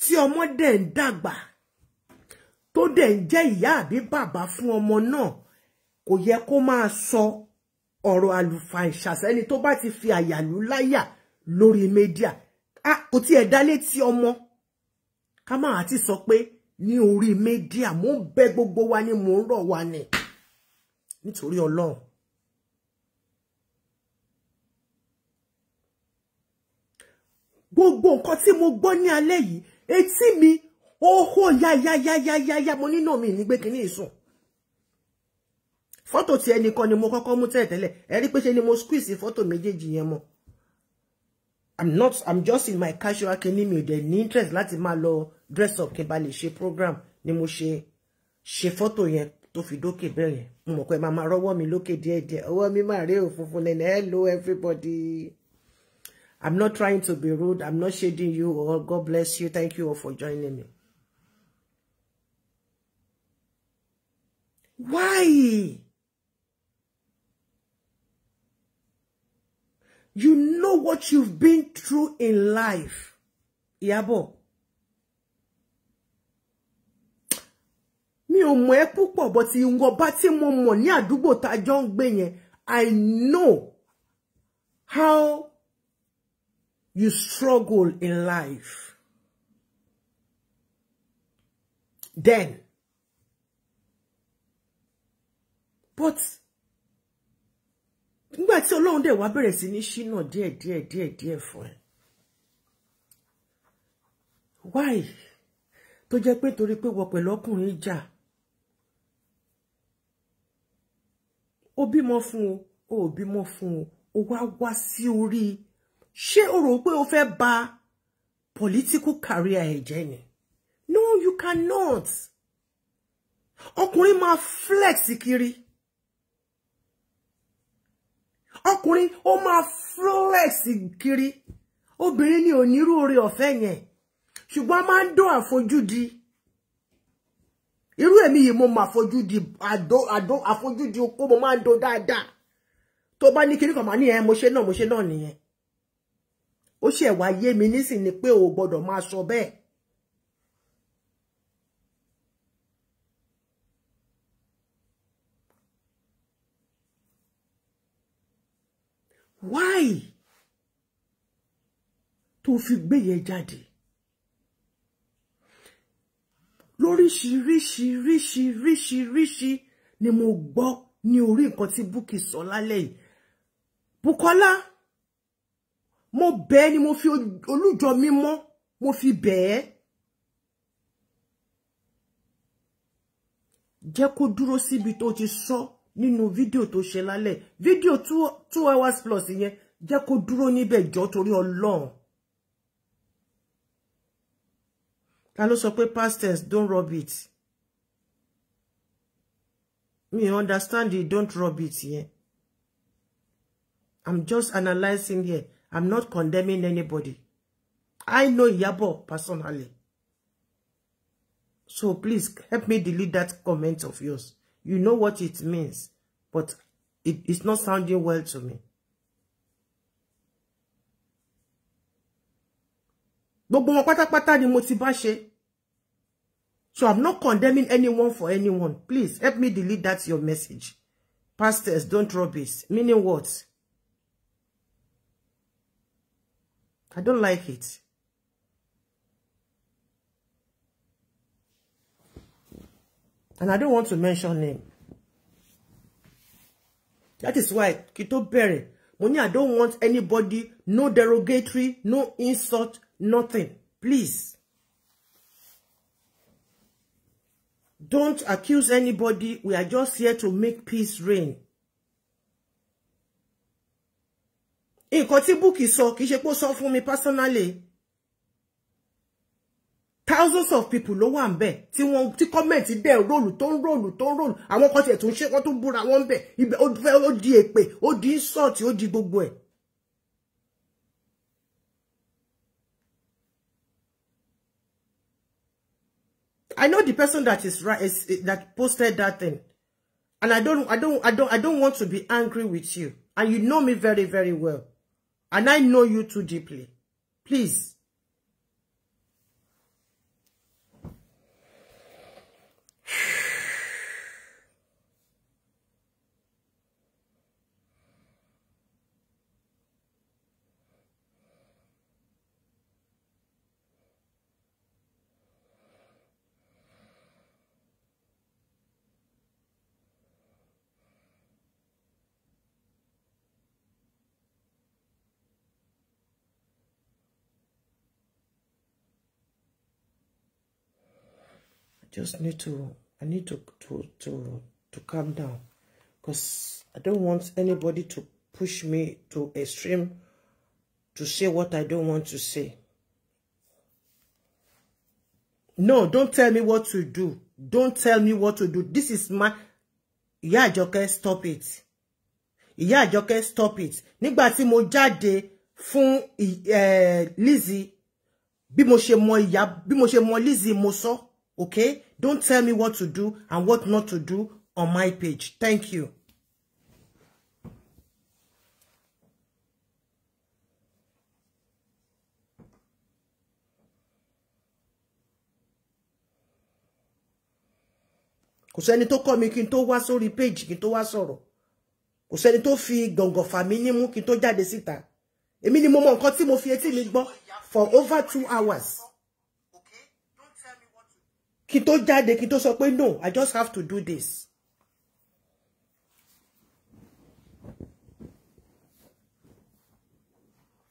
tí ọmọ dẹ̀ ń dàgbà tó dẹ̀ ń jẹ́ ìyá àbí bàbá fún ọmọ náà kò yẹ kó máa sọ ọ̀rọ̀ àlùfàǹṣà sẹ́ni tó bá ti fi àyà lù láyà lórí mẹ́díà ah, kò tiẹ̀ dá létí ọmọ ká má àti sọ pé ní orí media mo ń bẹ gbogbo wa ni mo ń rọ̀ wa ni nítorí Ọlọ́run gbogbo nǹkan tí mo gbọ́ ní alẹ́ yìí etí mi oho yáyáyáyáyá mo nínà mi ní gbẹ́kínní ìsùn fọ́tò tí ẹnìkan ni mo kọ́kọ́ mú tẹ́lẹ̀tẹ́lẹ̀ ẹ rí pé ṣe ni mo squeeze fọ́tò méjèèjì yẹn mọ́ i'm not i'm just in my casual kini mi ò dẹ̀ ní interest láti máa lọ dress up kí n bá lè program ni mo ṣe ṣe fọ́tò yẹn tó fi dókè bẹ́ẹ̀ yẹn mo mọ̀ pé màá máa rọ́wọ́ mi lókè díẹ̀díẹ̀ ọwọ́ mi máa rí òfunfun lẹ́nu hello everybody I'm not trying to be rude I'm not shading you all God bless you thank you all for joining me. Why? You know what you've been through in life. Iyabo, mi ò mọ̀ ẹ́ púpọ̀ bọ́ ti wọ́n bá tí mo mọ̀ ní àdúgbò tá a jọ I know how you struggle in life. Then, but nígbà tí Ọlọ́run dẹ̀ wá bẹ̀rẹ̀ sí ní ṣínà díẹ̀ díẹ̀ díẹ̀ díẹ̀ fún Why? To jẹ́ pé torí pé wọ pẹ̀lú ọkùnrin jà o bímọ fún o ò bímọ fún o o wá wá sí orí ṣé o rò pé o fẹ́ ba political career ẹ̀ jẹ́ ni no you cannot ọkùnrin máa flex kiri ọkùnrin ó máa flex kiri obìnrin ni onírúurú ọ̀fẹ́ yẹn ṣùgbọ́n a máa ń dán àfojúdi irú èmi yìí mo mà fojú di àdó àdó àfojú di okó mo máa ń do dáadáa tó bá ní kinní kan máa ní ẹ mo ṣe náà mo ṣe náà nìyẹn ó ṣe wá yé mi nísìn ni pé o gbọ́dọ̀ máa sọ bẹ́ẹ̀. why tó fi gbé yẹn jáde lóríṣiríṣiríṣiríṣiríṣi ni mo gbọ́ ní orí nǹkan tí Bukky sọ lálẹ́ yìí Bukola mo bẹ́ẹ̀ ni mo fi olújọ mímọ́ mo fi bẹ́ẹ̀ jẹ́ kó dúró síbi tó ti sọ nínú fídíò tó ṣe lálẹ́ fídíò two hours plus yẹn jẹ́ kó dúró níbẹ̀ jọ torí Ọlọ́run ta ló sọ pé past don't rub it me understand the don't rub it yẹn i'm just analyzing here i'm not condemning anybody i know Yabo personally so please help me delete that comment of yours you know what it means but it, it's not sounding well to me. gbogbo wọn pátápátá ni mo ti bá ṣe So I'm not condemning anyone for anyone. Please help me delete that your message. Pastors, don't rubbish. Meaning what? I don't like it. And I don't want to mention name. That is why Kito Berry. Money, I don't want anybody, no derogatory, no insult, nothing. Please. Don't accuse anybody. We are just here to make peace reign. In koti Bukky sọ kì í ṣe pé ó sọ personally. Thousands of people ló wà ńbẹ̀ tí wọ́n ti comment dẹ̀ role tó ń role tó ń role àwọn kan tiẹ̀ tún ṣe kan tún búra wọn ńbẹ̀ ibẹ̀ ó di èpè ó di insult ó di gbogbo I know the person that is right is, is that posted that thing. And I don't I don't I don't I don't want to be angry with you. And you know me very, very well. And I know you too deeply. Please. just need to I need to to to to calm down because I don't want anybody to push me to extreme to say what I don't want to say. No, don't tell me what to do. Don't tell me what to do. This is my Ìyá joker, stop it. Ìyá joker, stop it. Nígbà tí mo jade fun eh Lizzy bí mo ṣe mọ ìyá bí mo ṣe mọ Lizzy mo sọ Okay? Don't tell me what to do and what not to do on my page. Thank you. kò sẹ́ni tó kọ́ mi kí n tó wá sórí péjì kí n tó wá sọ̀rọ̀ kò sẹ́ni tó fi gbọ̀ngàn fà mí nímú kí n tó jáde síta èmi ni mo mọ nǹkan tí mo fi etí mi gbọ́ for over two hours kí tó jáde kí tó sọ no i just have to do this.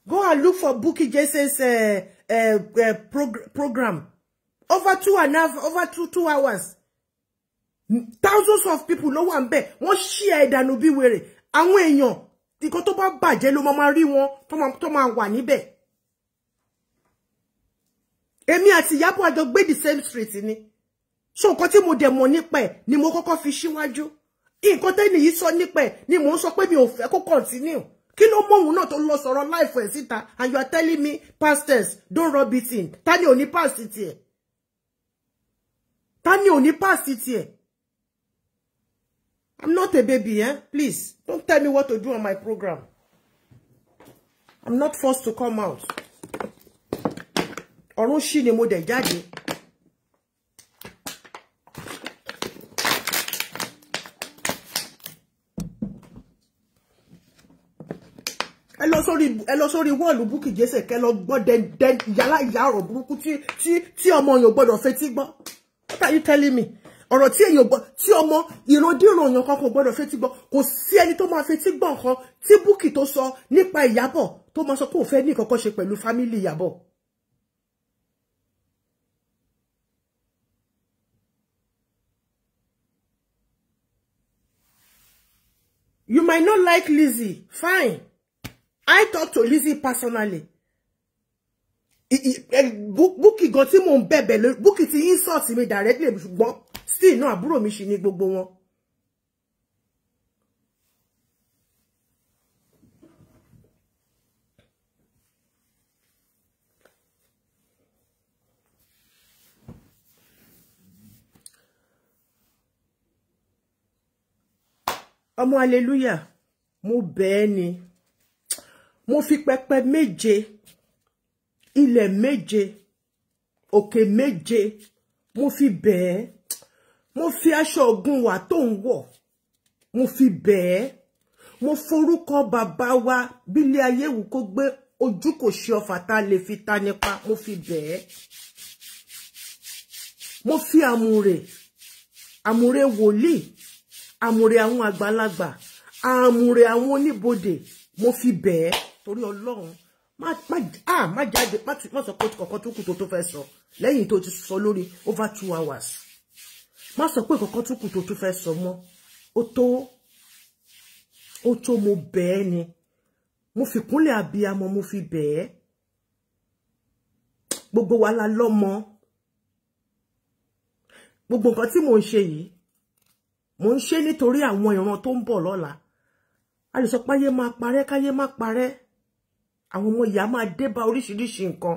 go and look for Bukky Jesse's uh, eh, uh, eh, uh, eh, prog program over two and a half over two two hours thousands of people ló one ńbẹ̀ One share that ìdànù bí wèrè àwọn èèyàn nǹkan tó bá bàjẹ́ ló máa rí wọn tó máa wà be èmi àti Ìyábọ̀ àjọ gbé the same street ni so nǹkan tí mo dẹ̀ mọ̀ nípa ni mo kọ́kọ́ fi síwájú nǹkan tẹ́ni yìí sọ nípa ẹ̀ ni mo so sọ mi ò fẹ́ kó continue kí ló mọ̀hún náà tó lọ sọ̀rọ̀ láìfọ̀ ẹ̀ síta and you are telling me pastors don't rub it in Tani oni ò ní past tiẹ̀ ta ni ò ní I'm not a baby, eh? Please, don't tell me what to do on my program. I'm not forced to come out ọ̀run ṣì ni mo dẹ̀ jáde ẹ lọ sórí ẹ lọ sórí wọ́ọ̀lù Bukky Jesse kẹ lọ gbọ́ dẹ́ndẹ́n yàrá ìyá ọ̀rọ̀ burúkú tí tí tí ọmọ yẹn ò gbọ́dọ̀ fetí gbọ́ what are you telling me ọ̀rọ̀ tí èyàn gbọ́ tí ọmọ ìrandíran èyàn kankan gbọ́dọ̀ fetí gbọ́ kò sí ẹni tó máa fetí gbọ́ nǹkan tí Bukky tó sọ nípa Ìyábọ̀ tó máa sọ pé òun fẹ́ ní ìkọ̀kọ̀ ṣe pẹ̀lú fámílì Ìyábọ̀ might not like Lizzie. Fine. I talk to Lizzie personally. Eh, Bukky gan tí mò ń bẹ̀bẹ̀ lórí insult mi directly still no àbúrò mi ṣì ni ọmọ hallelujah mo bẹ́ẹ̀ ni mo fi pẹpẹ méje ilẹ̀ méje òkè méje mo fi bẹ́ẹ̀ mo fi aṣọ ògùn wà tó ń wọ̀ mo fi bẹ́ẹ̀ mo forúkọ bàbá wa bílé ayé wù kó gbé ojú kò ṣe ọfà tá a lè fi ta nípa mo fi bẹ́ẹ̀ mo fi àmùrè àmùrè wòlíì àmùrè àwọn àgbàlagbà àmùrè àwọn oníbodè mo fi bẹ̀ ẹ́ torí ọlọ́run má jáde má sọ pé kọ̀ọ̀kan tó kù tó tó fẹ́ sọ lẹ́yìn tó ti sọ lórí over two hours má sọ pé kọ̀ọ̀kan tó kù tó tó fẹ́ sọ mọ́ ó tó ó tó mo bẹ̀ ẹ́ ni mo fi kúnlẹ̀ abiyamọ mo fi bẹ̀ ẹ́ gbogbo wa la lọ́mọ gbogbo nǹkan tí mò ń ṣe yìí mo ń ṣe nítorí àwọn ìran tó ń bọ̀ lọ́la a lè sọ pé ayé máa parẹ́ káyé máa parẹ́ àwọn ọmọ ìyá máa dé bá oríṣiríṣi nǹkan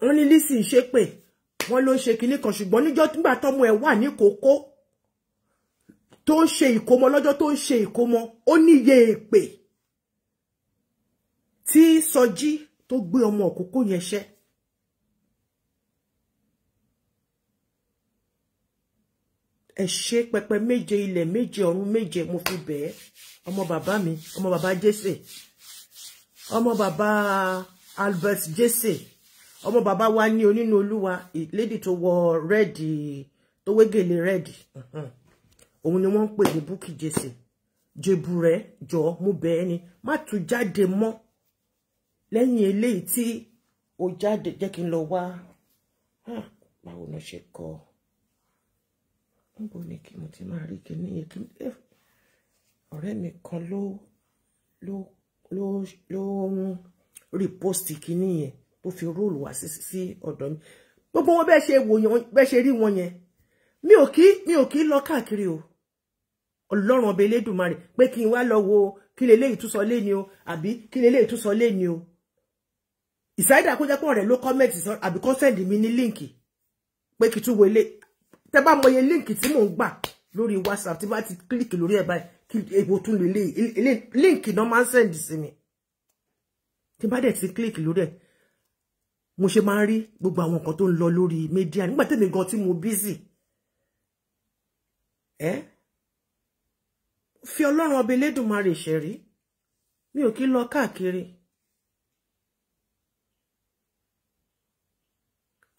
wọ́n ní Lizzy ṣe pé wọ́n ló ń ṣe kinní kan ṣùgbọ́n níjọ́ nígbà tọ́mọ ẹ̀ wà ní kókó tó ń ṣe ìkómọ lọ́jọ́ tó ń ṣe ìkómọ ó níye èpè tí Sọjí. So tó gbé ọmọ òkókó yẹn ṣẹ́ ẹ ṣe pẹpẹ méje ilẹ̀ méje ọ̀run méje mo fi bẹ̀ẹ́ ọmọ bàbá mi ọmọ bàbá Jésè ọmọ bàbá Albert Jésè ọmọ bàbá wa ní onínú olúwa lady tó wọ rẹ́ẹ̀dì tó wégele rẹ́ẹ̀dì òun ni wọ́n ń pè ní Bukky Jesse jebure jọ mo bẹ̀ ẹ́ ni má tún jáde mọ́ lẹ́yìn eléyìí tí o jáde jẹ́ kí n lọ wá ah, báwo ló ṣe kọ níbo ni kí mo ti máa rí kíní ètò eh, ọ̀rẹ́ mi kan ló ló ló ló ń rìpọ́stì kíní yẹn tó fi róòlù wá sí sí ọ̀dọ̀ mi gbogbo wọn bẹ́ẹ̀ ṣe wò yẹn bẹ́ẹ̀ ṣe rí wọn yẹn mi ò kí mi ò kí lọ káàkiri o ọlọ́run ọba elédùnmarè pé kí n wá lọ wo kí leléyìí tún sọ lé ni o àbí kí leléyìí tún sọ lé ni o ìsáyédà kó jẹ́ pé ọ̀rẹ́ ló kọ́mẹ̀tì sọ àbí kó sẹ́ndì mi ní líǹkì pé kí tún wọlé tẹ bá mọye líǹkì tí mò ń gbà lórí whatsapp tí bá ti kílìkì lórí ẹ̀ báyìí kí epo tún lè líǹkì náà máa ń sẹ́ndì sí mi tí bá dẹ̀ ti kílìkì lórí ẹ̀ mo ṣe máa ń rí gbogbo àwọn nǹkan tó ń lọ lórí mídíà nígbà tẹ̀mí gan tí mo bízì ẹ́ fi ọlọ́run ọba elédùnmarè ṣẹ̀rí mi ò kí lọ káàkiri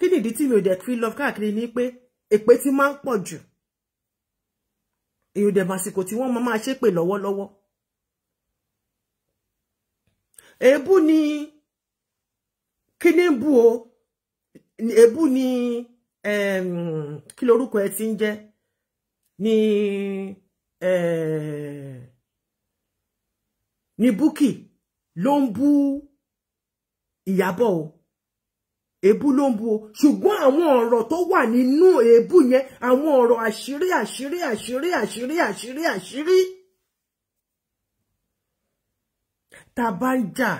kí nìdí tí mi ò dẹ̀ fi love káàkiri ni pé èpè ti máa ń pọ̀ jù èyí ò dẹ̀ màsìkò tí wọ́n máa ṣépè lọ́wọ́lọ́wọ́ èébú ni kíní bú o èébú ni kí lorúkọ ẹ ti ń jẹ́ ni ni Bukky ló ń bú Ìyábọ̀ o èébú ló ń bu o ṣùgbọ́n àwọn ọ̀rọ̀ tó wà nínú èébú yẹn àwọn ọ̀rọ̀ àṣírí àṣírí àṣírí àṣírí àṣírí àṣírí tá bá ń jà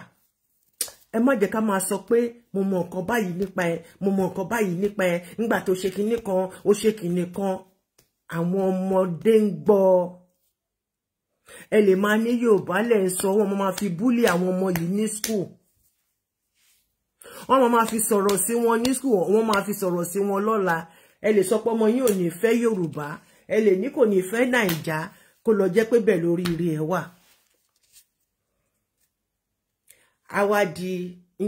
ẹ má jẹ́ ká máa sọ pé mo mọ nǹkan báyìí nípa ẹ mo mọ nǹkan báyìí nípa ẹ nígbà tó ṣe kinní kan ó ṣe kinní kan àwọn ọmọdé ń gbọ́ ẹ lè máa ní Yorùbá lẹ ń sọ wọn mo máa fi búlì àwọn ọmọ yìí ní school wọ́n ma fi sọ̀rọ̀ sí wọn ní school wọ́n ma fi sọ̀rọ̀ sí wọn lọ́la ẹ lè sọ pé ọmọ yín ò ní fẹ́ yorùbá ẹ lè ní kò ní fẹ́ nàìjà kó lọ jẹ́ pé bẹ́ẹ̀ lórí ire ẹ wà. àwa di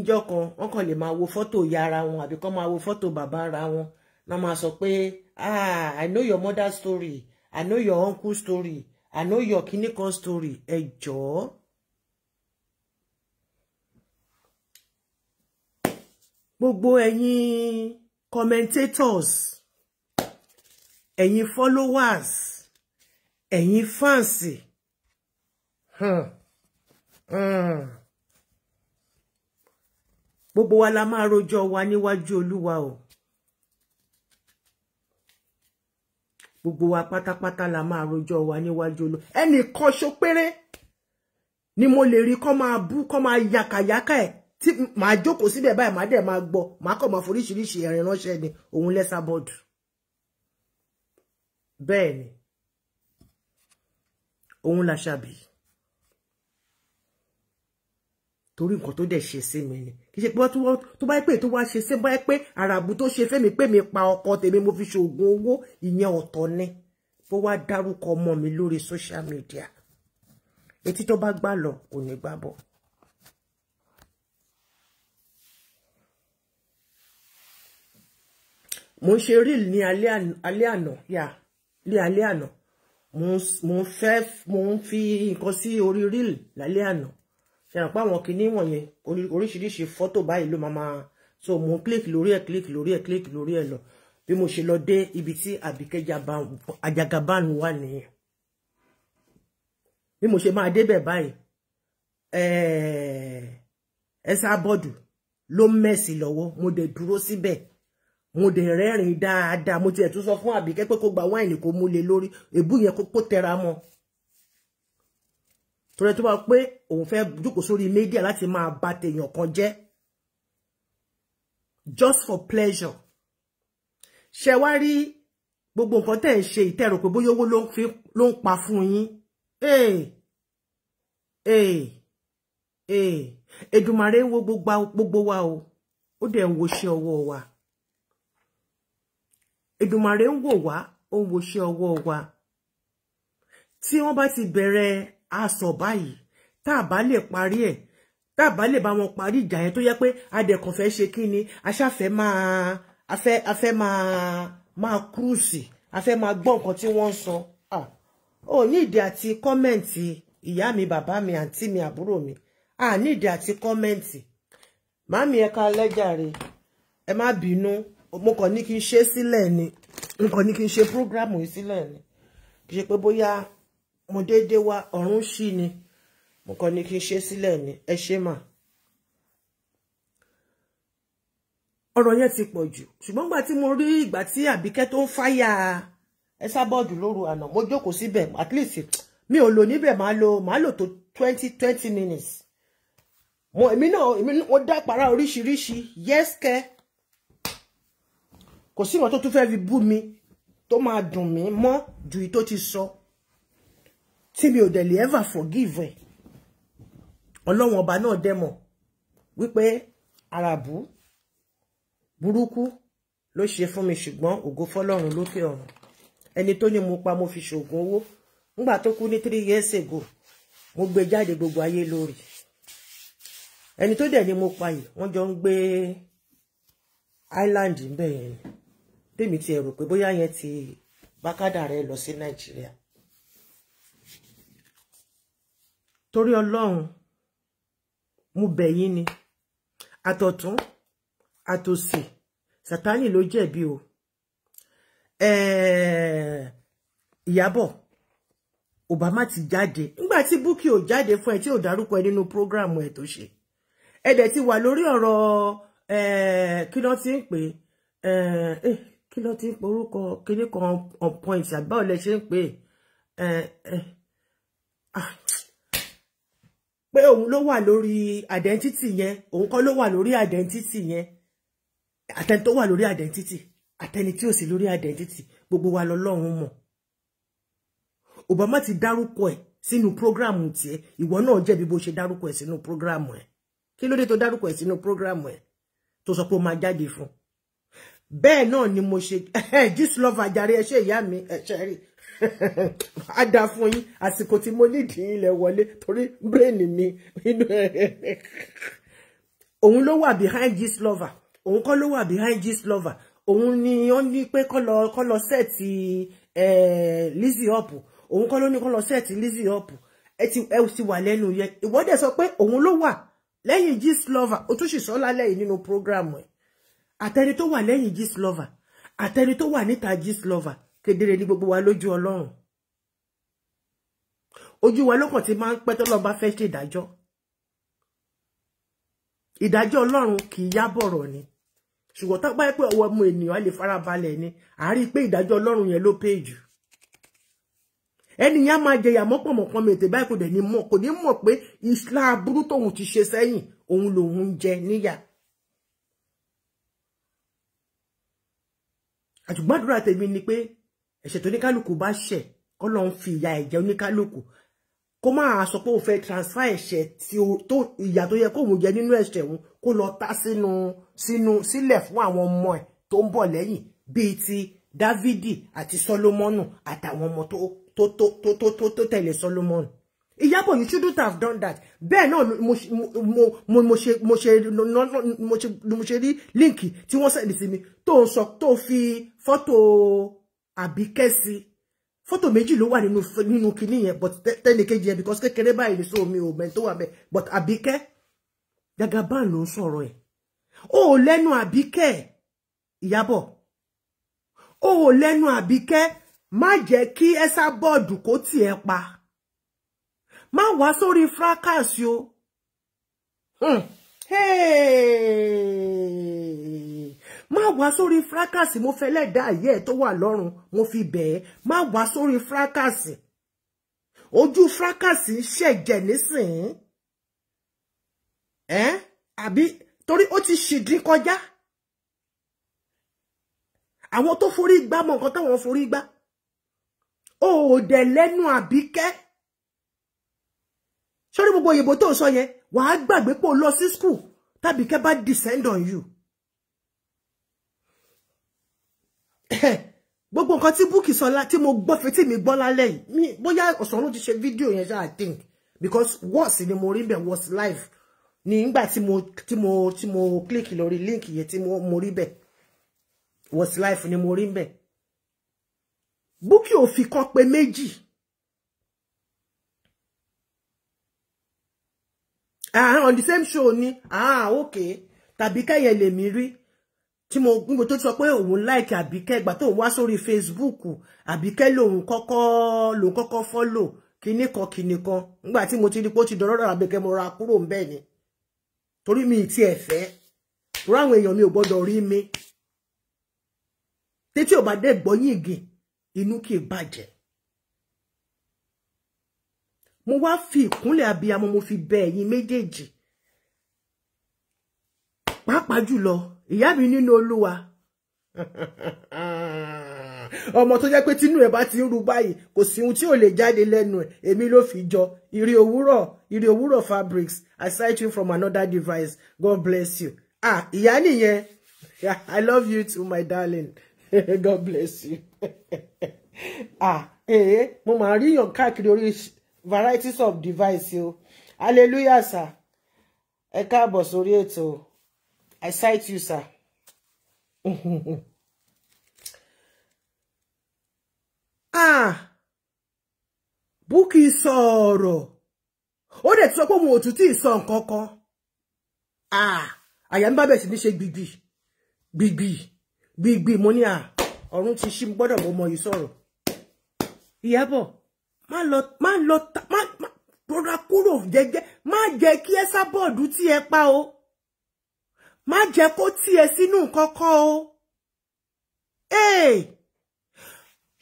kan wọ́n kàn lè máa wo fọ́tò ìyá ara wọn àbí kán máa wo fọ́tò baba ara wọn na ma so pe ah i know your mother story i know your uncle story i know your kiniko story ẹ jọ̀ọ́. gbogbo ẹ̀yin commentators ẹ̀yin followers ẹ̀yin fans hmm. hmm. gbogbo wa la máa rojọ́ wa níwájú Olúwa o gbogbo wa pátápátá la máa rojọ́ wa níwájú Olúwa ẹnì kan ṣo péré ni mo lè rí kó máa bú kó máa yàkàyàkà ẹ̀ tí màá jókòó síbẹ̀ báyìí màá dẹ̀ máa gbọ́ màá kọ̀ máa foríṣiríṣi ẹ̀rìn ránṣẹ́ ni òun lẹ́sà bọ́ọ̀dù bẹ́ẹ̀ ni òun la ṣàbí torí nǹkan tó dẹ̀ ṣe sí mi ni kì í ṣe To tó bá pè tó wá ṣe sí bá pé àràbù tó ṣe fẹ́mi pé mi pa ọkọ tèmi mo fi ṣoògùn owó ìyẹn ọ̀tọ̀ ni bó wá dárúkọ ọmọ mi lórí social media etí tó bá gbà lọ kò ní gbà mo ń ṣe reel ní alẹ́ àná yà ní alẹ́ àná mo ń fẹ́ mo ń fi nǹkan sí orí reel lálẹ́ àná ṣẹ̀ràn pé àwọn kìíní wọ̀nyẹn oríṣiríṣi fọ́tò báyìí ló máa máa so mo ń click lórí ẹ̀ click lórí ẹ̀ click lórí ẹ̀ lọ bí mo ṣe lọ dé ibi tí Àbíkẹ́ Àjàgàbánu wà nìyẹn bí mo ṣe máa débẹ̀ báyìí ẹ̀ẹ́sà eh, bọ́ọ̀dù ló mẹ́sì lọ́wọ́ mo dẹ̀ dúró síbẹ̀. Si mo dẹ̀ rẹ́rìn dáadáa mo tiẹ̀ tún sọ fún àbíkẹ́ pé kó gba wáìnì kó mú lé lórí èbú yẹn kó tẹra mọ́ torí tó bá pé òun fẹ́ jókòó sórí mídíà láti máa bà tèèyàn kan jẹ́ just for pleasure ṣe wá rí gbogbo nǹkan tẹ̀ ń ṣe ìtẹ̀rù pé bóyá owó ló ń pa fún yín eh! Eh! Eh! Èdùmàrè ń wo gbogbo wa o ó dẹ̀ ń wo iṣẹ́ ọwọ́ wa. Èdùmàrè ń wò wá ó ń wo iṣẹ́ wa tí wọ́n bá ti bẹ̀rẹ̀ asọ̀ báyìí tá a bá lè parí ẹ̀ tá a bá lè bá wọn parí ìjà yẹn tó yẹ pé adẹ̀kàn fẹ́ ṣe kí ni aṣáfẹ́ máa afẹ́ afẹ́ máa máa kúrùsì afẹ́ máa gbọ́ nǹkan tí wọ́n ń sọ ò ní ìdí àti kọ́mẹ̀ǹtì ìyá mi bàbá mi àǹtí mi àbúrò mi ah ní ìdí àti kọ́mẹ̀ǹtì màmí ẹ̀ka lẹ́jàre ẹ má bínú mo kàn ní kí n ṣe sílẹ̀ ni mo kàn ní kí n ṣe prógrámù yìí sílẹ̀ ni kì í ṣe pé bóyá mo déédéé wá ọ̀run ṣì ni mo kàn ní kí n ṣe sílẹ̀ ni ẹ ṣe mà. ọ̀rọ̀ yẹn ti pọ̀ jù ṣùgbọ́n gbà tí mo rí ìgbà tí àbíkẹ́ tó ń fáyà Esabod lóru àná mo jókòó síbẹ̀ at least mi ò lò níbẹ̀ máa lo máa lò tó twenty twenty minutes mo èmi náà èmi mo dá para oríṣiríṣi yes care kò sí nǹkan tó tún fẹ́ fi bú mi tó máa dùn mí mọ́ ju èyí tó ti sọ tí mi ò dẹ̀ ever forgive ẹ̀ ọlọ́wọ́n ọba náà dẹ̀ mọ̀ wípé àràbù burúkú ló ṣe fún mi ṣùgbọ́n ògo fọlọ́run lókè ọ̀run ẹni tó ní mo pa mo fi ṣoògùn owó nígbà tó kú ní three years ago mo gbé jáde gbogbo ayé lórí ẹni tó dẹ̀ ni mo pa yìí wọ́n jọ ń gbé island ń bẹ̀ tèmi ti rò pé bóyá yẹn ti bákádà rẹ lọ sí nàìjíríà torí ọlọ́run mo bẹ̀ yín ni àtọ̀tún àtòsì sátánì ló jẹ̀bi o ìyábọ̀ obama ti jáde nígbà tí búkì ò jáde fún ẹ tí ò dárúkọ ẹ nínú prógráàmù ẹ tó ṣe ẹ dẹ̀ ti wà lórí ọ̀rọ̀ kí ló ti ń pè é kí ló ti ń porúkọ kíní kan on point àbí báwo lẹ ṣe ń pè pé òun ló wà lórí identity yẹn òun kọ́ ló wà lórí identity yẹn àtẹni tó wà lórí identity àtẹni tí ò sí lórí identity gbogbo wa lọ́lọ́run mọ̀ Obama ti dárúkọ ẹ̀ sínú prógrámù tiẹ̀ ìwọ náà jẹ̀bi bó ṣe dárúkọ ẹ̀ sínú prógrámù ẹ̀ kí ló dé tó dárúkọ ẹ̀ sínú prógrámù ẹ̀ tó sọ pé ó máa jáde fún bẹ́ẹ̀ náà ni mo ṣe just eh, love àjàre ẹ ṣe ìyá mi eh, ẹ ṣe rí a dá fún yín àsìkò tí mo nídìí ilẹ̀ wọlé torí brain mi inú òun ló wà behind this lover òun kọ́ ló wà behind this lover òun ni ó ní pé kọ́ lọ kọ́ lọ sẹ́ẹ̀tì eh, Lizzy up òun kọ́ ló ní kọ́ lọ sẹ́ẹ̀tì Lizzy up ẹ ti wà lẹ́nu yẹn ìwọ́dẹ̀ sọ pé òun ló wà lẹ́yìn this lover ó tún sì sọ lálẹ́ yìí nínú program ẹ̀ àtẹni tó wà lẹ́yìn Gistlover àtẹni tó wà níta Gistlover kedere ní gbogbo wa lójú Ọlọ́run ojú wa lọ́kàn tí máa ń pẹ́ tọ́lọ́run bá fẹ́ ṣe ìdájọ́ ìdájọ́ Ọlọ́run kì í yábọ̀rọ̀ ni ṣùgbọ́n tá bá yẹ pé ọwọ́ ọmọ ènìyàn á lè farabalẹ̀ ni àárí pé ìdájọ́ Ọlọ́run yẹn ló pé jù ẹni yẹn á máa jẹyà mọ́pọ̀mọ̀pọ̀ mi ètè báyìí kò dẹ̀ ní mọ̀ kò ní mọ̀ pé ìṣlá burú tóun ti ṣe sẹ́yìn òun lòun jẹ níyà àtùgbàdúrà tèmi ni pé ẹ̀ṣẹ̀ tó oníkálukú bá ṣẹ̀ kọ́lọ́n fi ìyà ẹ̀jẹ̀ oníkálukú kó máa sọ pé ó fẹ́ transfer ẹ̀ṣẹ̀ tó ìyà tó yẹ kóun jẹ nínú ẹ̀ṣẹ̀ òun kó lọ tá sínú sínú sílẹ̀ fún àwọn ọmọ ẹ̀ tó ń bọ̀ lẹ́yìn bíi ti Dávidi àti Sólómọ́nù àtàwọn ọmọ tó tó tó tó tó tẹ̀lé Sólómọ́nù Ìyábọ̀ you shouldn't have done that bẹ́ẹ̀ náà mo mo mo ṣe mo ṣe mo ṣe mo ṣe rí líǹkì tí wọ́n sẹ̀lì sí mi tó ń sọ tó fi fọ́tò Àbíkẹ́ sí fọ́tò méjì ló wà nínú nínú kinní yẹn but tẹ́nìkejì yẹn because kékeré báyìí so mi ò mẹ́ni tó wà bẹ́ẹ̀ but Àbíkẹ́ Jagaban ló ń sọ̀rọ̀ ẹ̀ o ò lẹ́nu Àbíkẹ́ Ìyábọ̀ o ò lẹ́nu Àbíkẹ́ má jẹ́ kí ẹ́sà bọ́ọ̀dù kó tiẹ̀ pa. Ma wa sori fracas o hmm. hey. ma wa sori fracas mo fẹ́ lẹ́dá ayé ẹ̀ tó wà lọ́rùn mo fi bẹ̀ẹ́ má wá sórí fracas ojú fracas ṣẹ̀jẹ̀ nísìnyí ẹ́ àbí torí ó ti ṣìdín kọjá àwọn tó forí gbá mọ nǹkan táwọn forí gbá ó dẹ̀ lẹ́nu àbíkẹ́ sórí gbogbo òyìnbó tó ń sọ yẹn wàá gbàgbé pò lọ sí school tàbí kẹ́ bá descend on you. gbogbo nǹkan tí búkì sọ tí mo gbọ́ fetí mi gbọ́ lálẹ́ yìí bóyá ọ̀sán ló ti ṣe fídíò yẹn ṣáà think because worse ni mo rí bẹ́ẹ̀ worse live ní ìgbà tí mo tí mo click lórí link yẹn tí mo rí bẹ́ẹ̀ worse live ni mo rí bẹ́ẹ̀ búkì ò fi kan pé méjì ah on the same show ni ah okay tàbí kẹ́yẹ lèmi rí t'i mo gbogbo tó sọ pe òun like Àbíkẹ́ ìgbà tó ń wá sórí Facebook abike lohun kọ́kọ́ lohun kọ́kọ́ follow kinní kan kinní kan nígbà tí mo ti rí pé ó ti dọ̀rọ̀ Àbíkẹ́ mo ra kúrò ńbẹ̀ ni torí mi ti ẹ̀ fẹ́ torí àwọn èèyàn mi ò gbọ́dọ̀ rí mi tètè ò bá dẹ̀ gbọ́ yìngì inú kì í bàjẹ́ mo wá fi ìkúnlẹ̀ abiyamọ mo fi bẹ̀ ẹ̀yin méjèèjì pàápàá jùlọ ìyá mi nínú olúwa ọmọ tó jẹ́ pé tínú ẹ̀ bá ti ń ru báyìí kò sí ohun tí ò lè jáde lẹ́nu ẹ̀ èmi fi jọ ire òwúrọ̀ ire òwúrọ̀ fabrics aside you from another device god bless you ah ìyá nìyẹn i love you too my darling god bless you ah ee eh, mo máa ríyàn káàkiri orí varieties of device o hallelujah sir ẹ káàbọ̀ sórí ètò i cite you sir ah Bukky sọ̀rọ̀ ó dẹ̀ ti sọ pé òun ò tún tí ah àyà ń bá bẹ̀ sí ní ṣe gbìgbì gbìgbì gbìgbì mo ní à ah! ọ̀run ti ṣí mi gbọ́dọ̀ mọ́ ọmọ yìí sọ̀rọ̀ má lọ má lọ ta má rọra kúrò jẹ́jẹ́ má jẹ́ kí ẹ sábọọdù tí ẹ pa o má jẹ́ kó tí ẹ sínú nǹkan kan o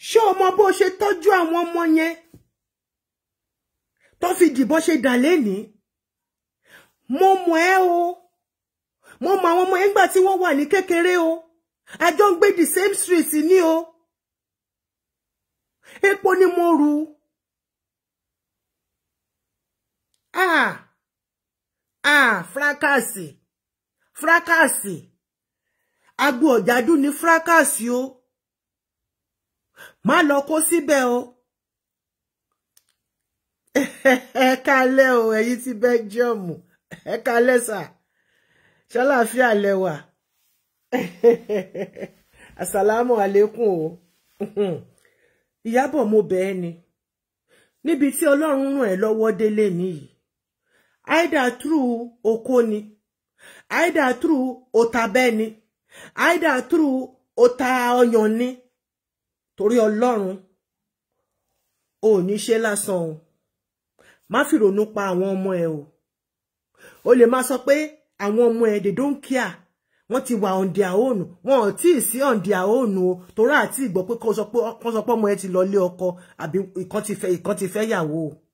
ṣé o mọ bó ṣe tọ́jú àwọn ọmọ yẹn tó fi dìbọn ṣe dà lénìí mo mọ ẹ o mo mọ àwọn ọmọ yẹn gbà tí wọ́n wà ní kékeré o a jọ ń gbé the same street ni o epo ni mo rù ah ah fracasi fracasi agbo ọ̀jàdú ni fracasi o má lọ kó síbẹ̀ o ẹ kálẹ́ o ẹ̀yin ti Belgium ẹ kálẹ́ sà ṣàlàáfíà lẹ́wà àsàlámù àlékún o Ìyábọ̀ mo bẹ̀ ẹ́ ni níbi tí Ọlọ́run ràn ẹ́ lọ́wọ́ délé nìyí either through oko ni either through otabẹ ni either through ota ọyàn ni torí Ọlọ́run ò ní ṣe lásán o má fi ronú pa àwọn ọmọ ẹ o o lè máa sọ pé àwọn ọmọ ẹ they don't care wọ́n ti wà on their own wọn ò tí ì sí on their own o torí àti ìgbọ́ pé kó sọ pé ọmọ ẹ ti lọ lé ọkọ àbí ìkan ti fẹ́ ìkan ti fẹ́ yàwó o.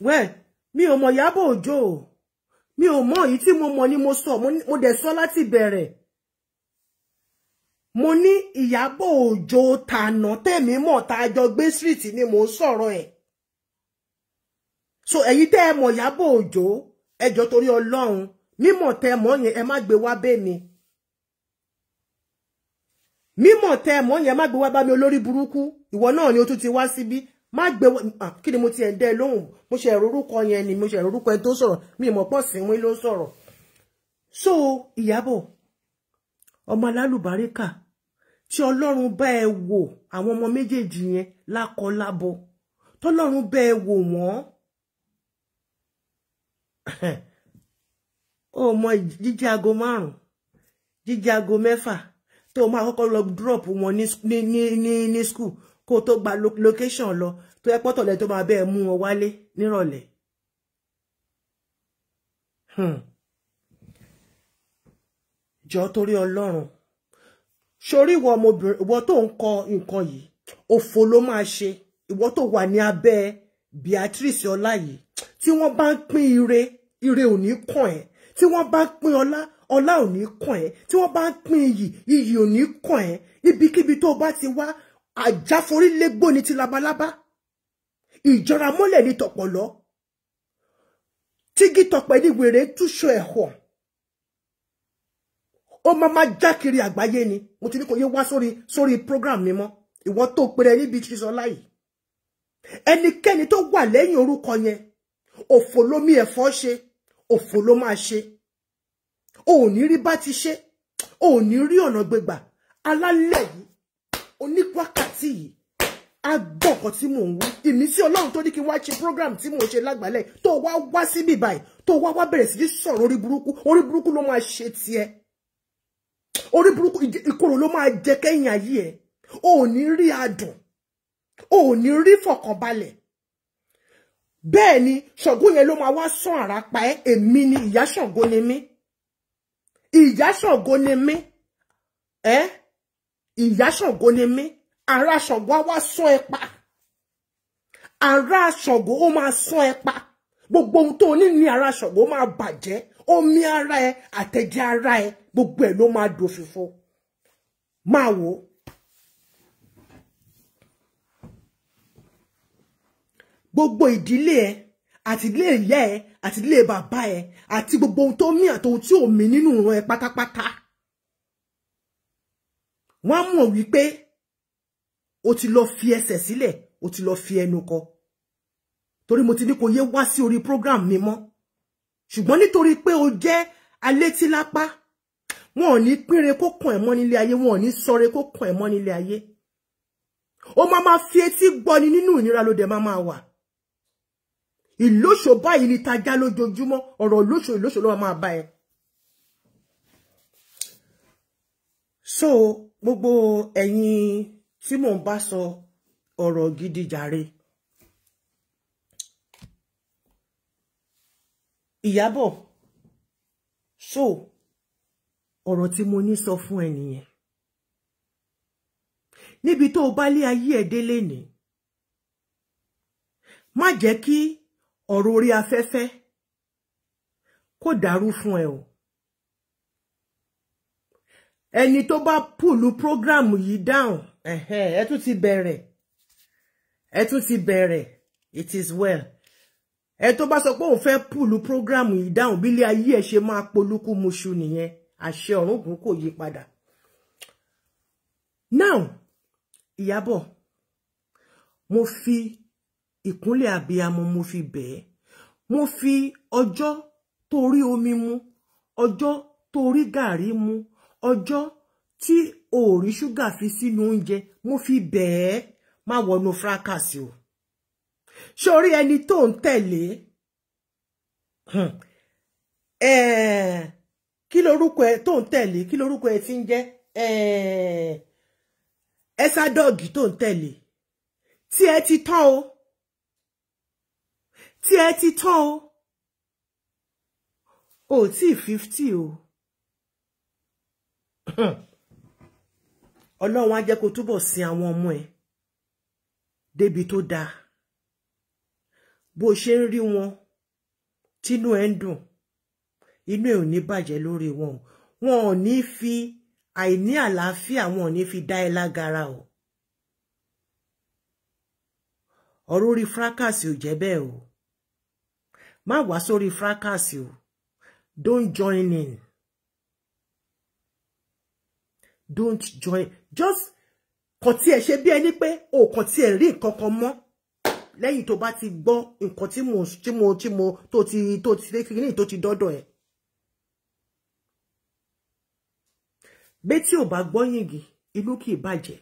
well mi ò mọ̀ Ìyábọ̀ Òjó mi ò mọ̀ yìí tí mo mọ̀ ni mo sọ mo dẹ̀ sọ láti bẹ̀rẹ̀ mo ní Ìyábọ̀ Òjó tànà tẹ̀mí mọ̀ tá a jọ gbé street ni mo ń sọ̀rọ̀ ẹ̀ so ẹ̀yin tẹ́ ẹ mọ̀ Ìyábọ̀ Òjó ẹjọ́ torí Ọlọ́run mímọ̀ tẹ́ mọ̀ yẹn ẹ má gbé wá be mi mímọ̀ tẹ́ mọ̀ yẹn ẹ má gbé wá bá mi olórí burúkú ìwọ náà ni o tún ti wá síbí má gbé kí ni mo ti ẹ̀ ń dẹ́ lóhùn mo ṣe ìrorúkọ yẹn ni mo ṣe ìrorúkọ ẹni tó sọ̀rọ̀ mi ìmọ̀ pọ̀ sí wín ló sọ̀rọ̀ so ìyábọ̀ ọmọ alálùbáríkà tí ọlọ́run bá ẹ wò àwọn ọmọ méjèèjì yẹn lákọ lábọ tọ́lọ́run bá ẹ wò wọ́n ó mọ jíjẹ́ aago márùn-ún aago mẹ́fà tó máa kọ́kọ́ lọ drop wọn ní ní ní ní school kó tó gba location lọ tó yẹ pọ́tọ̀ lẹ tó máa bẹ́ẹ̀ mú wọn wálé nírọ̀lẹ́ hmm. jọ torí ọlọ́run sórí ìwọ ọmọbìnrin ìwọ tó ń kọ nǹkan yìí òfò ló máa ṣe ìwọ tó wà ní abẹ́ Beatrice ọlá yìí tí wọ́n bá ń pín ire ire ò ní kàn ẹ́ tí wọ́n bá ń pín ọlá ọlá ò ní kàn ẹ́ tí wọ́n bá ń pín iyì iyì ò ní kàn ẹ́ ibikíbi tó bá ti wá àjáforílégbò ní ti ìjọra mọ́lẹ̀ ní tọ̀pọ̀lọ́ tígi tọpẹ́ ní wèrè túṣọ ẹ̀họ̀ ó máa máa já kiri àgbáyé ni mo ti ní kò yé wá sórí sórí program mi mọ́ ìwọ tó péré níbi tíṣọ láì ẹnikẹ́ni tó wà lẹ́yìn orúkọ yẹn òfò ló mí ẹ̀fọ́ ṣe òfò ló máa ṣe o ò ní rí bá ti ṣe o ò ní rí ọ̀nà gbégbà alálẹ̀ yìí oníwákàtí yìí á gbọ́ nǹkan tí mò ń wí ìmísí ọlọ́run tó ní kí n wá ṣe program tí mò ń ṣe lágbàlẹ̀ tó wá wá síbí báyìí tó wá wá bẹ̀rẹ̀ sí sọ̀rọ̀ orí burúkú orí burúkú ló máa ṣe tiẹ̀ orí burúkú ìkorò ló máa jẹ kẹ́yìn ayé ẹ̀ o ò ní rí adùn o ò ní rí fọ̀kànbalẹ̀ bẹ́ẹ̀ ni ṣọ̀gún yẹn ló máa wá sán àrá pa ẹ́ èmi ni ìyá ṣọ̀gó ni mí ìyá ṣọ̀gó ni mí ẹ́ ìyá ṣọ̀gó ni mí ara Ṣàngó á wá sán ẹ pa ara Ṣàngó ó máa sán ẹ pa gbogbo ohun tó ní ní ara Ṣàngó máa bàjẹ́ omi ara ẹ àtẹ̀jẹ̀ ara ẹ gbogbo ẹ̀ ló máa dòfìfo máa wò ó. gbogbo ìdílé ẹ àti ilé ìyá ẹ àti ilé bàbá ẹ àti gbogbo ohun tó mí àtòhun tí ò mí nínú ẹ pátápátá wọn á mọ̀ wípé o ti lọ fi ẹsẹ̀ sílẹ̀ o ti lọ fi ẹnu kọ torí mo ti ní kò yé wá sí orí program mi mọ́ ṣùgbọ́n nítorí pé o jẹ́ alétílápá wọn ò ní pínre kó kàn ẹ́ mọ́ nílé ayé wọn ò ní sọre kó mo ẹ́ mọ́ nílé ayé o máa máa fi etí gbọ́ni nínú ìnira ló dẹ̀ máa máa wà ìlóṣò báyìí ni tajá lójoojúmọ́ ọ̀rọ̀ lóṣò ìlóṣò ló máa bá ẹ. so gbogbo ẹ̀yin. Eh, tí mò ń bá sọ ọ̀rọ̀ gidi jàre Ìyábọ̀ so ọ̀rọ̀ tí mo ní sọ fún ẹ níbi tó o bá lé ayé ẹ délé ni má jẹ́ kí ọ̀rọ̀ orí afẹ́fẹ́ kó dàrú fún ẹ o ẹni tó bá pùlù prógráàmù yìí dáhùn Eh, tún ti bẹ̀rẹ̀ ẹ tún ti bere. it is well ẹ tó bá sọ pé òun fẹ́ pùlù prógrámù yìí dáhùn bílé ayé ẹ ṣe máa polúkú muṣu nìyẹn àṣẹ ọ̀run kún kò yí padà now Ìyábọ̀ mo fi ìkúnlẹ̀ abiyamọ mo fi bẹ̀ ẹ́ mo fi ọjọ́ tó rí omi mu ọjọ́ tó rí gàrí mu tí o ò rí ṣúgà fi sínú oúnjẹ mo fi bẹ̀ẹ́ má wọnú fúrákàsì o sórí ẹni tó ń tẹ̀lé kí lorúkọ ẹ tó ń tẹ̀lé kí lorúkọ ẹ ti ń jẹ́ ẹsádọ́ọ̀gì tó ń tẹ̀lé tí ẹ ti tán o tí ẹ ti tán o ò tí fifty o ọlọ́run á jẹ́ kó túbọ̀ sin àwọn ọmọ ẹ̀ débi tó dáa bó ṣe ń rí wọn tínú ẹ̀ ń dùn inú ẹ̀ ò ní bàjẹ́ lórí wọn wọn ò ní fi àìní àlàáfíà wọn ò ní fi dá ẹ lágara o ọ̀rọ̀ orí fracas ò jẹ́ bẹ́ẹ̀ o má wá sórí fracas o don't join in don't join just kàn tí ẹ ṣe bí ẹni pé o kàn tí ẹ rí nǹkan kan mọ́ lẹ́yìn tó bá ti gbọ́ nǹkan tí mo tí mo tí mo tó ti tó ti lé kiri tó ti dọ́dọ̀ ẹ̀. bẹ́ẹ̀ tí ò bá gbọ́ yìngì ìlú kì í bàjẹ́.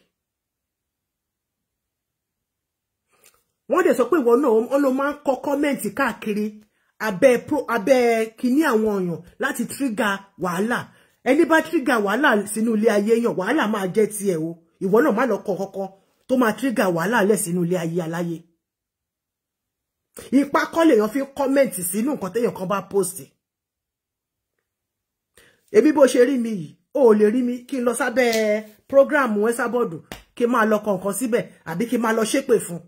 wọ́n dẹ̀ sọ pé ìwọ náà wọ́n ló máa ń kọ kọ́mẹ́ǹtì káàkiri abẹ́ pro abẹ́ kíní àwọn èèyàn láti trigger. wàhálà ẹni bá trigger wàhálà sínú ilé ayé yàn wàhálà máa jẹ́ tiẹ̀ o ìwọ náà má lọ kọ kọ́kọ́ tó máa trigger wàhálà lẹ̀ sínú ilé ayé aláyé ipa kọ́ lèèyàn fi kọ́mẹ̀ǹtì sínú nǹkan téèyàn kan bá post èmi bó ṣe rí mi yìí o ò lè rí mi kí n lọ sábẹ́ program wẹ́sàbọ̀dù kí n máa lọ kọ̀ọ̀kan síbẹ̀ àbí kí n máa lọ ṣépè fún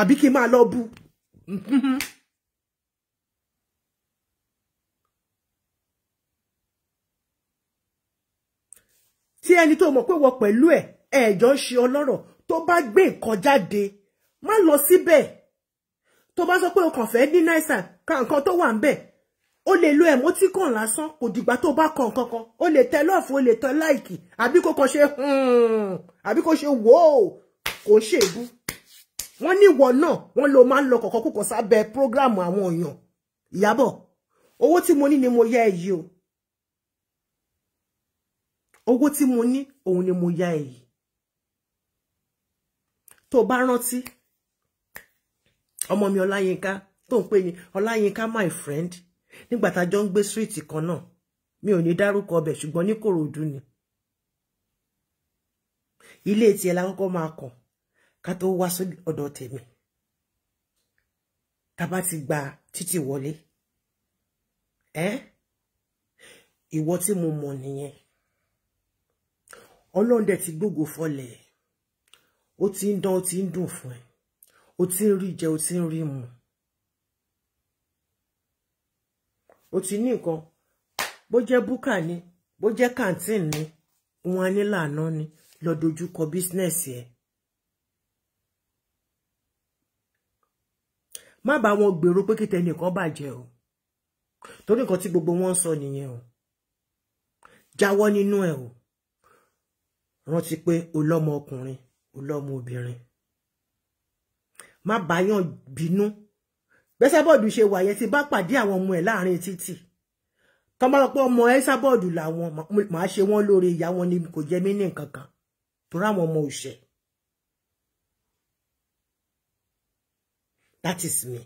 àbí kí n máa lọ bú. tí ẹni tó mọ̀ pé wọ pẹ̀lú ẹ̀ ẹ̀jọ́ ń ṣe ọlọ́rọ̀ tó bá gbé nǹkan jáde má lọ síbẹ̀ tó bá sọ pé o kàn fẹ́ ní náìsà ka nǹkan tó wà ń bẹ̀ o lè lo emoticon lásán kò dìgbà tó bá kọ nǹkan o lè tẹ lọ́ọ̀fù o lè tẹ láìkì àbí kò kàn ṣe hmm, àbí kò ṣe wò ó kò ń ṣègbú wọ́n ní ìwọ náà wọ́n lo máa ń lọ kọ̀kọ́ kúkọ̀ sábẹ́ prógráàmù àwọn èèyàn Ìyábọ̀ owó tí mo ní ni mo yá ẹ o owó tí mo ní òun ni mo yá èyí tó bá rántí ọmọ mi Ọláyínká tó ń pè ní Ọláyínká my friend nígbà tá a jọ ń gbé síríìtì kan náà mi ò ní dárúkọ ọbẹ̀ ṣùgbọ́n ní Kòròdú ni ilé tiẹ̀ la kọ́kọ́ máa kàn ká tó wá sódì ọ̀dọ̀ tèmi tá bá ti gba títì wọlé ẹ ìwọ tí mo mọ̀ nìyẹn ọlọ́run dẹ̀ ti gbógo fọlẹ̀ ó ti ń dán ó ti ń dùn fún ẹ ó ti ń rí jẹ ó ti ń rí mu ó ti ní nǹkan bó jẹ́ búkà ni bó jẹ́ kàǹtín ni wọn ní lànà ni lọ dojúkọ bísínẹ́sì ẹ má bá wọn gbèrò pé kíta ẹnìkan bàjẹ́ o torí nǹkan tí gbogbo wọn ń sọ nìyẹn o jáwọ́ nínú ẹ o rántí pé olọ́mọ ọkùnrin olọ́mọ obìnrin má báyàn bínú gbèsàbọọdù ṣe wà yẹn tí bá pàdé àwọn ọmọ ẹ láàrin títì tọ́n bá lọ pé ọmọ làwọn màá ṣe wọ́n lóore ìyá wọn ni kò jẹ mí ní nǹkan kan torí àwọn ọmọ òṣè that is me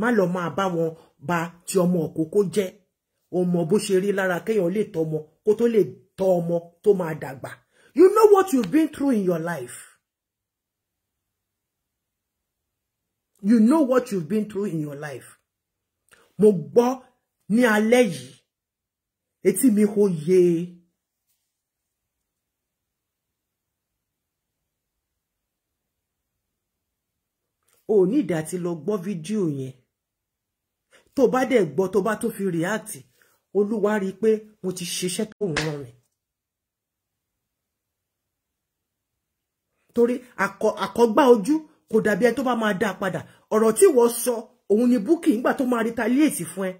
má lọ máa bá wọn ba ti ọmọ òkókó jẹ́ o mọ bó ṣe rí lára kéèyàn lè tọ́mọ kó tó lè tọ́ ọmọ tó máa dàgbà you know what you've been through in your life you know what you've been through in your life mo gbọ́ ni alẹ́ yìí etí mi ho yé o ní ìdá tí lọ gbọ́ fídíò yẹn tó bá dẹ̀ gbọ́ tó bá tó fi react olúwa rí i pé mo ti ṣiṣẹ́ tó ń rán mi. torí àkọ́gbá ojú kò dàbí ẹni tó bá máa dá a padà ọ̀rọ̀ tí wọ́n sọ òun ni búkì nígbà tó máa retaliate fún ẹ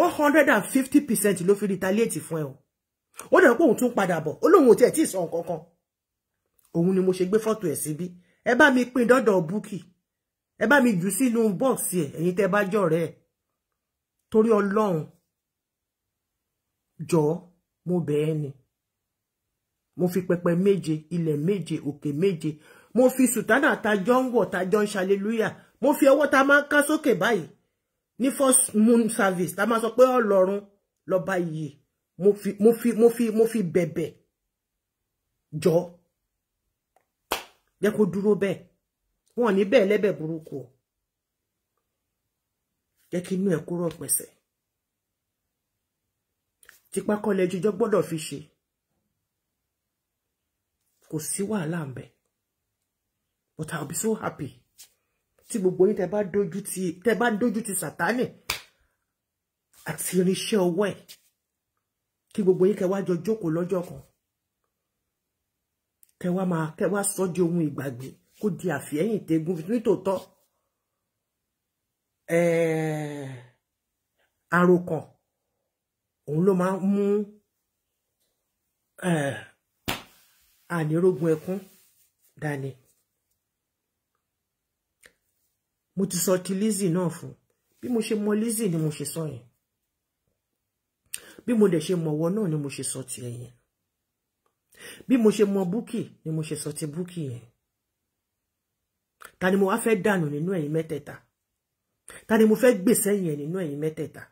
one hundred and fifty percent ló fi retaliate fún ẹ o ó dẹ̀ pé òun tún padà bọ̀ ó lóun ò tiẹ̀ tí ì sọ nǹkan kan òun ni mo ṣe gbé fọ́tò ẹ̀ síbí ẹ bá mi pín dọ́dọ̀ búkì ẹ bá mi jù sínú bọ́ọ̀sì ẹ̀ ẹ̀yin tẹ́ bá jọ̀rẹ́ ẹ̀ torí ọlọ́run jọ̀ọ́ mo bẹ̀ ẹ́ ni mo fi pẹpẹ méje ilẹ̀ méje òkè méje mo fi sùtánà tajọ ń wọ̀ tajọ ń ṣàlélúyà mo fi ọwọ́ ta máa ń ká sókè báyìí ní first moon service ta máa sọ pé ọlọ́run lọ́ba yìí mo fi mo fi mo fi mo fi bẹ̀bẹ̀ jọ̀ọ́ jẹ́ kó dúró bẹ́ẹ̀ wọn ò ní bẹ́ẹ̀ lẹ́bẹ̀ burúkú jẹ́ kí inú ẹ̀ kúrò pẹ̀sẹ̀ tipákọ́lẹ̀ jújọ́ gbọ́dọ̀ fi ṣe kò sí wàhálà ń bẹ but I'll be so happy tí gbogbo yín tẹ́ bá dojú ti tẹ́ bá ti sàtánì àti irinṣẹ́ ọwọ́ ẹ̀ kí gbogbo yín kẹ́ wá jọ jókòó lọ́jọ́ kan kẹ́ wá máa kẹ́ wá sọ di ohun ìgbàgbé kó di àfihẹ́yìn tegun nítòótọ́ àròkàn òun ló máa ń mú ànírógun ẹkún dání mo ti sọ ti Lizzy náà fún bí mo ṣe mọ Lizzy ni mo ṣe sọ yẹn bí mo dẹ̀ ṣe mọ̀wọ́ náà ni mo ṣe sọ ti ẹ̀yẹn bí mo ṣe mọ Bukky ni mo ṣe sọ ti Bukky yẹn ta ni mo wá fẹ́ dànù nínú ẹ̀yin mẹ́tẹ̀ẹ̀ta ta ni mo fẹ́ gbèsè yẹn nínú ẹ̀yin mẹ́tẹ̀ẹ̀ta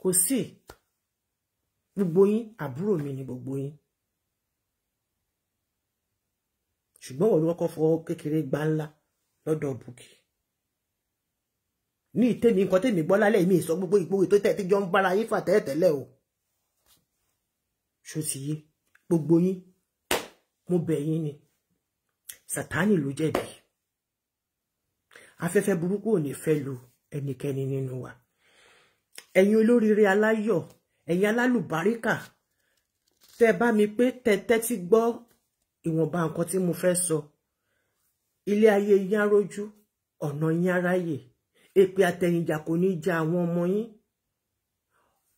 kò sí gbogbo yín àbúrò mi ni gbogbo yín ṣùgbọ́n wọ́n lọ́kọ́ fọ kékeré gbá ńlá lọ́dọ̀ Bukky ní ìtẹ́mi nǹkan tẹ́mi gbọ́ lálẹ́ mi ìsọ gbogbo ìgbòho tó te ti jọ ń bára yín fà tẹ́ẹ̀tẹ́lẹ̀ o ṣó ti yé gbogbo yín mo bẹ̀ yín ni Sàtánì ló jẹ̀bi afẹ́fẹ́ burúkú ò ní fẹ́ lu ẹnikẹ́ni nínú wa ẹ̀yin olóríire aláyọ̀ ẹ̀yin alálùbáríkà tẹ́ bá mi pé tẹ́tẹ́ tí gbọ́ ìwọ̀nba nǹkan tí mo fẹ́ sọ ilé ayé yín á rójú ọ̀nà yín á ráyè èpè àtẹ̀yìnjà kò ní ja àwọn ọmọ yín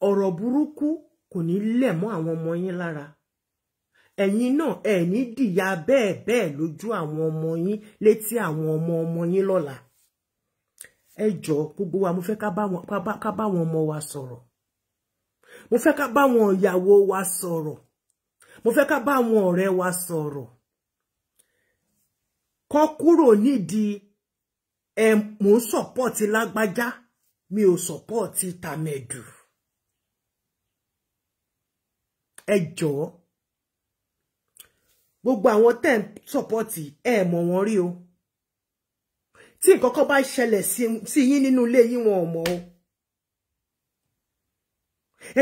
ọ̀rọ̀ burúkú kò ní lẹ̀ mọ́ àwọn ọmọ yín lára ẹ̀yin náà ẹ̀ ní dìyà bẹ́ẹ̀ bẹ́ẹ̀ lójú àwọn ọmọ yín létí àwọn ọmọ ọmọ yín lọ́la ẹ jọ gbogbo wa mo fẹ́ ká bá wọn ọmọ wa sọ̀rọ̀ mo fẹ́ ká bá wọn ìyàwó wa sọ̀rọ̀ mo fẹ́ ká bá wọn ọ̀rẹ́ wa sọ̀rọ̀ kọ́ kúrò nídìí ẹ mò ń sọ̀pọ̀tì lágbájá mi ò sọ̀pọ̀tì tàmẹ̀dù ẹ jọ̀ọ́ gbogbo àwọn tẹ́ ń sọ̀pọ̀tì ẹ mọ̀ wọ́n rí o tí nǹkan kan bá ṣẹlẹ̀ sí yín nínú ilé yín wọn ò mọ̀ o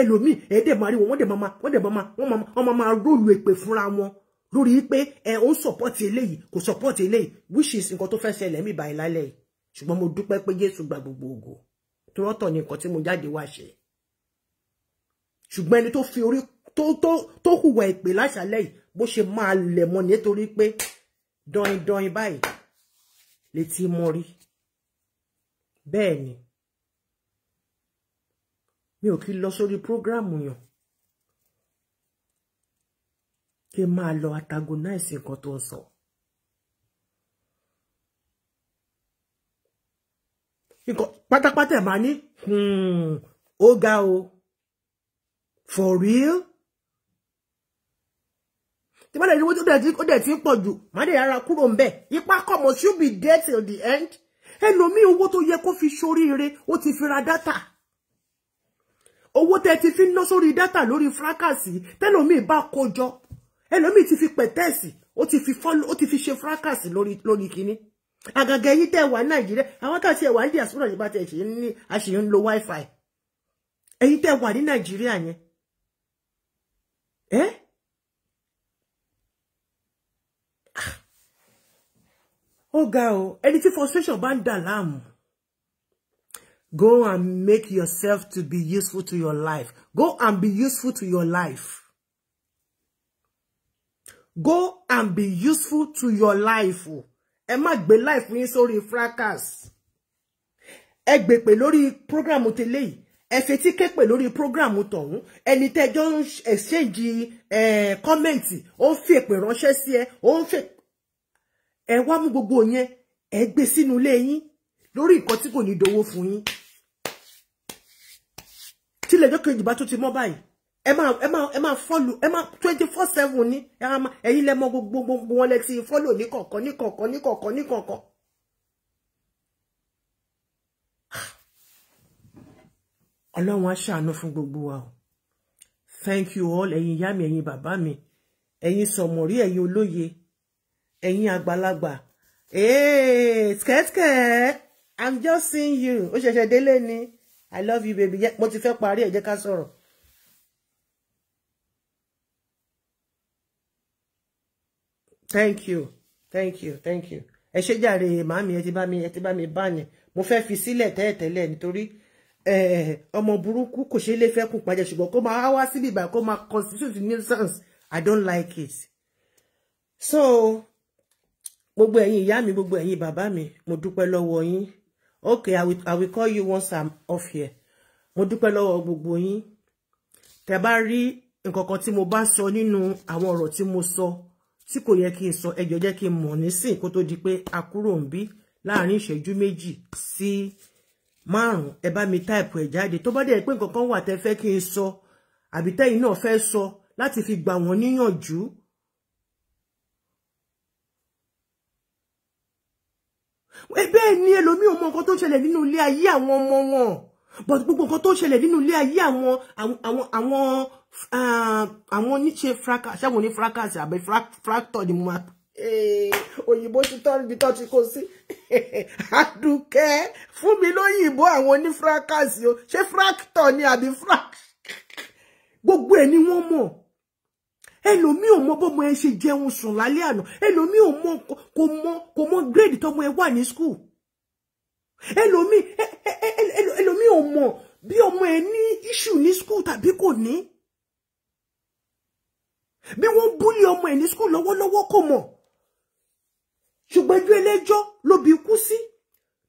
ẹlòmíì ẹ̀ẹ́dẹ̀ máa rí wọn wọ́n dẹ̀ máa wọ́n dẹ̀ máa wọ́n máa wọ́n máa róòlù èpè fúnra wọn lórí pé o ó sọ̀pọ̀tì eléyìí kò sọ̀pọ̀tì eléyìí which is nǹkan tó fẹ́ ṣẹlẹ̀ mí báyìí lálẹ́ yìí ṣùgbọ́n mo dúpẹ́ pé Jésù gba gbogbo ògo tó rọ́tọ̀ ni nǹkan tí mo jáde wá ṣe ṣùgbọ́n ẹni tó fi orí tó tó tó hùwà èpè láṣálẹ́ yìí bó ṣe máa lẹ̀ mọ́ nítorí pé dọ̀yìn dọ̀yìn báyìí létí mọ́rí bẹ́ẹ̀ ni mi ò kí lọ sórí prógrámù yàn kí n máa lọ antagonize nǹkan tó ń sọ. nǹkan pátápátá ẹ̀ máa ní hmm, ga o for real tí bá dẹ̀ ní ó dẹ̀ ti ń pọ̀ jù má dẹ̀ yára kúrò ń bẹ̀ ipa kọ̀mọ̀ should be there till the end ẹlòmíì owó tó yẹ kó fi ṣoríire o ti fi ra owó tẹ́ ti fi ń ná sórí dátà lórí fúrákàsì tẹ́lòmíì bá kójọ ẹlòmíì ti fi pẹ̀tẹ́ẹ̀sì ó ti fi fọ́lù ó ti fi ṣe fúrákàsì lórí lórí kínní àgàgà yìí tẹ́ wà nàìjíríà àwọn tá ti ẹ̀wà ní àsúrò yìí bá tẹ̀ ṣe ní àṣì ń lo wifi èyí tẹ́ wà ní nàìjíríà yẹn ẹ́ ah. ó ga o ẹni tí frustration bá ń dà láàmú Go and make yourself to be useful to your life. Go and be useful to your life. Go and be useful to your life. Ẹ má gbé life yín sórí fracas. Ẹ gbé pè lórí program tẹ́lẹ̀ ẹ ti ké pè lórí program tọ̀hún ẹni tẹ́jọ́ ń exchange comment ó ń fi èpè ránṣẹ́ sí ẹ ó ń fi ẹ wá mú gbogbo yẹn ẹ gbé sínú ilé yín lórí nǹkan tí kò ní dowó fún yín tí le kejì bá tún ti mọ́ báyìí ẹ máa ẹ máa ẹ máa fọ́lù ẹ máa twenty four seven ní ẹ̀yin lẹ́mọ gbogbo gbogbo wọn lẹ ti follow. ní kọ̀ọ̀kan ní kọ̀ọ̀kan ní kọ̀ọ̀kan ní kọ̀ọ̀kan. ọlọ́run á ṣàánú fún gbogbo wa thank you all ẹ̀yin ìyá mi ẹ̀yin bàbá mi ẹ̀yin sọ̀mọ̀rí ẹ̀yin olóye ẹ̀yin àgbàlagbà ee skẹ́tskẹ́ i'm just seeing you ó ṣẹ̀ṣẹ̀ délé ni. I love you baby mo ti fẹ́ parí ẹ̀ jẹ́ ká sọ̀rọ̀. thank you thank you thank you ẹ ṣe jàre màmí ẹ ti bá mi ẹ ti bá mi bá yẹn mo fẹ́ fi sílẹ̀ tẹ́ẹ̀tẹ́lẹ̀ nítorí ọmọ burúkú kò ṣeé lè fẹ́ kù pàjẹ́ ṣùgbọ́n kó máa wá síbi ìgbà kó máa constitute nuisance I don't like it. so gbogbo ẹ̀yin ìyá mi gbogbo ẹ̀yin bàbá mi mo dúpẹ́ lọ́wọ́ yín okay I will, I will call you once I'm off here mo dúpẹ́ lọ́wọ́ gbogbo yín tẹ́ bá rí nǹkan kan tí mo bá sọ nínú àwọn ọ̀rọ̀ tí mo sọ tí kò yẹ kí n sọ ẹ jọ̀ọ́ jẹ́ kí n mọ̀ nísìn di pé a kúrò ń bí láàrin ìṣẹ́jú méjì sí márùn-ún ẹ bá mi táìpù ẹ̀ jáde tó bá dẹ̀ pé nǹkan kan wà tẹ́ fẹ́ kí n sọ àbí tẹ́yìn náà fẹ́ sọ láti fi gbà wọ́n níyànjú Eh, bẹ́ẹ̀ ni elomi ò mọ nǹkan tó ń ṣẹlẹ̀ nínú ilé ayé àwọn ọmọ wọn but gbogbo nǹkan tó ń ṣẹlẹ̀ nínú ilé ayé àwọn àwọn àwọn àwọn ah, níṣe fracas ṣáwọn ní fracas àbẹ fractor ni mo máa eh, òyìnbó ti tọ́ níbi tó ti kó sí àdùkẹ́ fún mi lóyìnbó àwọn oní fracas o ṣé fractor ni àbí frac gbogbo ẹ̀ ni wọ́n mọ̀ ẹlòmí ò mọ bọ́mọ ẹ ṣe jẹun sùn lálẹ́ àná ẹlòmí ò mọ kò mọ kò mọ gírèdì tọmọ ẹ wà ní skul ẹlòmí ẹlòmí ò mọ bí ọmọ ẹ ní iṣu ní skul tàbí kò ní bí wọ́n búlì ọmọ ẹ ní skul lọ́wọ́lọ́wọ́ kò mọ̀ ṣùgbọ́n ẹjọ́ ẹlẹ́jọ́ ló bí kú sí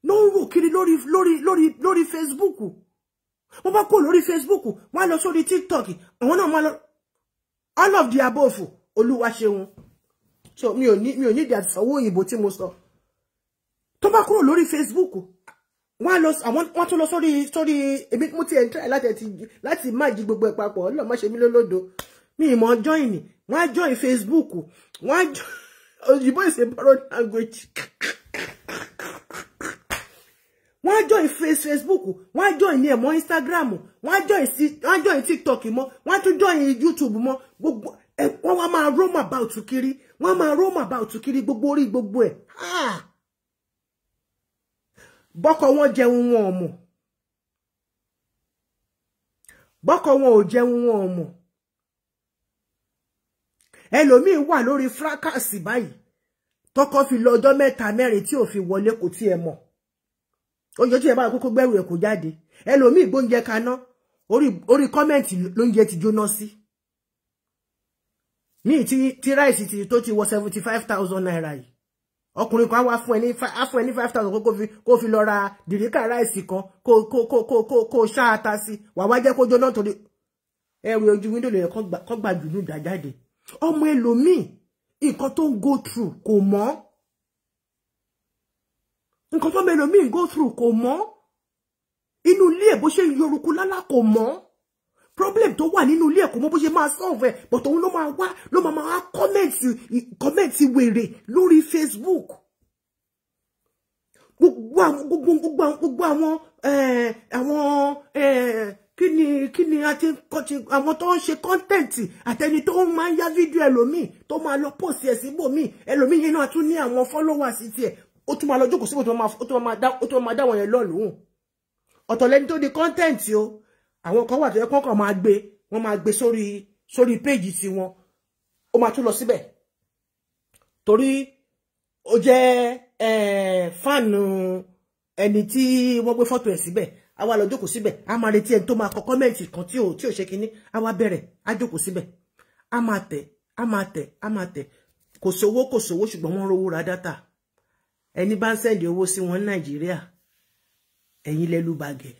ló ń rò kiri lórí lórí lórí lórí Facebook wọ́n bá kó lórí Facebook wọ́n á lọ sórí TikTok àwọn náà máa lọ all of the above olúwa ṣeun so mi ò ní mi ò ní ìdí àti sanwó òyìnbó tí mo sọ tó bá kúrò lórí facebook wọn lọ àwọn wọn tún lọ sórí sórí èmi mo ti ẹntẹ láti ẹtì láti má jí gbogbo ẹ papọ̀ Ọlọ́run má ṣe mí lólódo mi ìmọ̀ join wọn join facebook wọn òyìnbó is a borrowed language wọ́n join face facebook wọ́n join ní ẹ̀ mọ́ instagram wọ́n join sí wọ́n join tiktok mọ́ wọ́n tún join youtube mọ́ gbogbo ẹ̀ wọ́n wá máa roam about kiri wọ́n máa roam about kiri gbogbo orí gbogbo ẹ̀ ah! bọ́kọ wọn jẹun wọn ọmọ bọ́kọ wọn ò jẹun wọn ọmọ ẹlòmíì wà lórí fracas báyìí tọkọ fi lọ ọjọ́ mẹ́ta mẹ́rin tí ò fi wọlé kò tiẹ̀ mọ̀. ó yọjú ẹ báyìí kókó gbẹrù ẹ kó jáde ẹlòmíì gbóúnjẹ kaná orí kọ́mẹ̀ntì lóúnjẹ ti jóná sí ní ti tó ti wọ seventy five naira yìí ọkùnrin kan wá fún ẹ ní fi lọ ra dìríkà ráìsì kan kó kó kó kó kó sí wàá wá jẹ́ kó jóná torí ẹrù ojú ọmọ ẹlòmíì nǹkan tó ń go through kò mọ́. nǹkan tó mẹ́lòmíì go through kò mọ́ inú ilé ẹ̀ bó ṣe yorùkú lálá kò mọ́ problem tó wà nínú ilé ẹ̀ kò mọ́ bó ṣe máa solve ẹ̀ but òun ló máa wá ló máa máa comment comment wèrè lórí Facebook gbogbo gbogbo àwọn àwọn eh, eh, kíni kíni àti àwọn tó ń ṣe kọ́ńtẹ̀ǹtì àtẹni tó ń máa ń yá fídíò ẹlòmíì tó máa lọ pọ̀ sí ẹ̀ síbòmíì ẹlòmíì yìí náà tún ní àwọn followers tiẹ̀ ó tún máa ma jókòó síbò tó máa dá wọn yẹn lọ́lùhùn ọ̀tọ̀ lẹni tó di content o àwọn kan wà tó yẹ kán kàn máa gbé wọn máa gbé sórí sórí péjì tiwọn ó máa tún lọ síbẹ̀ torí ó jẹ́ fáànù ẹni tí wọ́n gbé fọ́tò ẹ̀ síbẹ̀ a wá lọ jókòó síbẹ̀ a máa retí ẹni tó máa kọ kọ́mẹ̀ntì kan tí ò tí ò ṣe kinní a wá bẹ̀rẹ̀ a jókòó síbẹ̀ a máa tẹ̀ a máa tẹ̀ a máa tẹ̀ kò sówó kò sówó ṣùgbọ́n wọ́n rówó ra dátà ẹni bá ń sẹ́ndì owó sí wọn ní nàìjíríà ẹ̀yin lẹ́lú bàgẹ́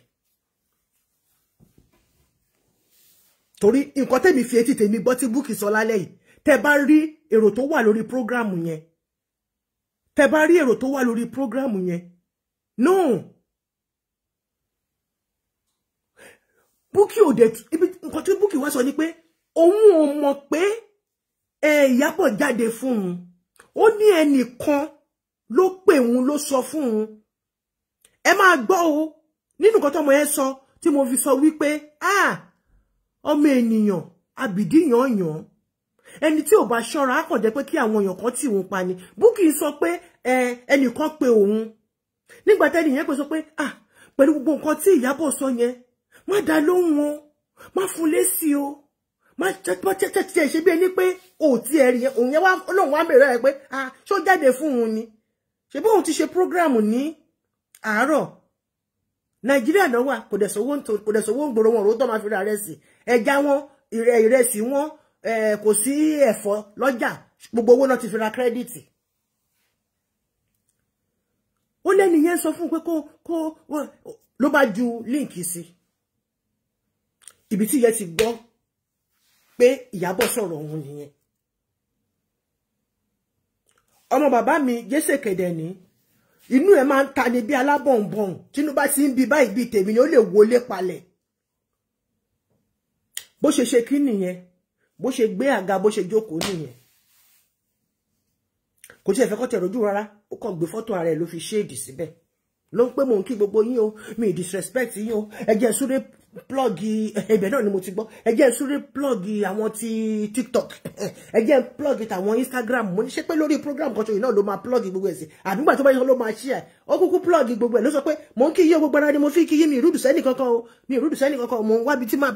torí nǹkan tẹ́mi fi etí tèmi gbọ́ tí búkì sọ lálẹ́ yìí tẹ́ bá rí èrò tó wà lórí prógrámù yẹn tẹ́ bá rí èrò tó wà lórí prógrámù yẹn no búkì ò dé ibi nǹkan tí búkì wá sọ ni pé òun ò mọ̀ pé ẹ̀yà jáde fún un ó ní ẹnìkan lo pè òun ló sọ fún òun ẹ máa gbọ́ o nínú nǹkan tọmọ yẹn sọ tí mo fi sọ wípé ah ọmọ ènìyàn àbìdíyàn yàn ẹni tí ò bá ṣọ́ra á kàn jẹ́ pé kí àwọn èèyàn kan tì òun pa ni Bukky sọ pé ẹnìkan pe òun nígbà tẹ́ni yẹn pé sọ pé ah pẹ̀lú gbogbo nǹkan tí Ìyábọ̀ sọ yẹn má dá lóhùn o má fún lésì o má tẹ́tẹ́ ṣe bí ẹni pé òtí ẹ̀rí yẹn òun yẹn wá lóhùn wá mẹ́rẹ̀ ẹ̀ pé ah ṣó jáde fún òun ni ṣe bóun ti ṣe program ní àárọ̀ nàìjíríà náà wà kò dẹ̀ sówó ń gbòòrò wọn òrótọ́ máa fi ra rẹsì ẹja wọn ìrẹsì wọn kò sí ẹ̀fọ́ lọ́jà gbogbo owó ti fi ra kírẹ́dìtì ó lẹ́nu yẹn sọ fún un pé kó kó ló bá ju líǹkì sí ibi tí ìyẹn ti gbọ́ pé Ìyábọ̀ sọ̀rọ̀ òun nìyẹn ọmọ bàbá mi jésè kẹ̀dẹ̀ ní inú ẹ̀ máa ń ta ni bí alábọ̀nbọ̀n tínú bá ti ń bi báyìí bíi tèmi ni ó lè wọlé palẹ̀ bó ṣe ṣe kí nìyẹn bó ṣe gbé àga bó ṣe jókòó nìyẹn kò tiẹ̀ fẹ́ kọ́ tẹ̀ rojú rárá ó kàn gbé fọ́tò ara ẹ̀ ló fi ṣéèdì síbẹ̀ ló ń pé mò ń kí gbogbo yín o mi disrespect yín o ẹ jẹ́ súré plọ́gì ibẹ̀ náà ni mo ti gbọ́ ẹ jẹ́ n súré plọ́gì àwọn ti tiktok ẹ jẹ́ n plọ́gì tàwọn instagram mo ní ṣe pé lórí program kan ṣòyìn náà ló máa plọ́gì gbogbo ẹ̀ sí àbígbà tó bá yẹ ló máa ṣí ẹ̀ ó kúkú plọ́gì gbogbo ẹ̀ ló sọ pé mò ń kí iye gbogbo ara ni mo fi kí yé mi ìrúdù sẹ́nì kankan o mi ìrúdù sẹ́nì kankan o mò ń wábi tí máa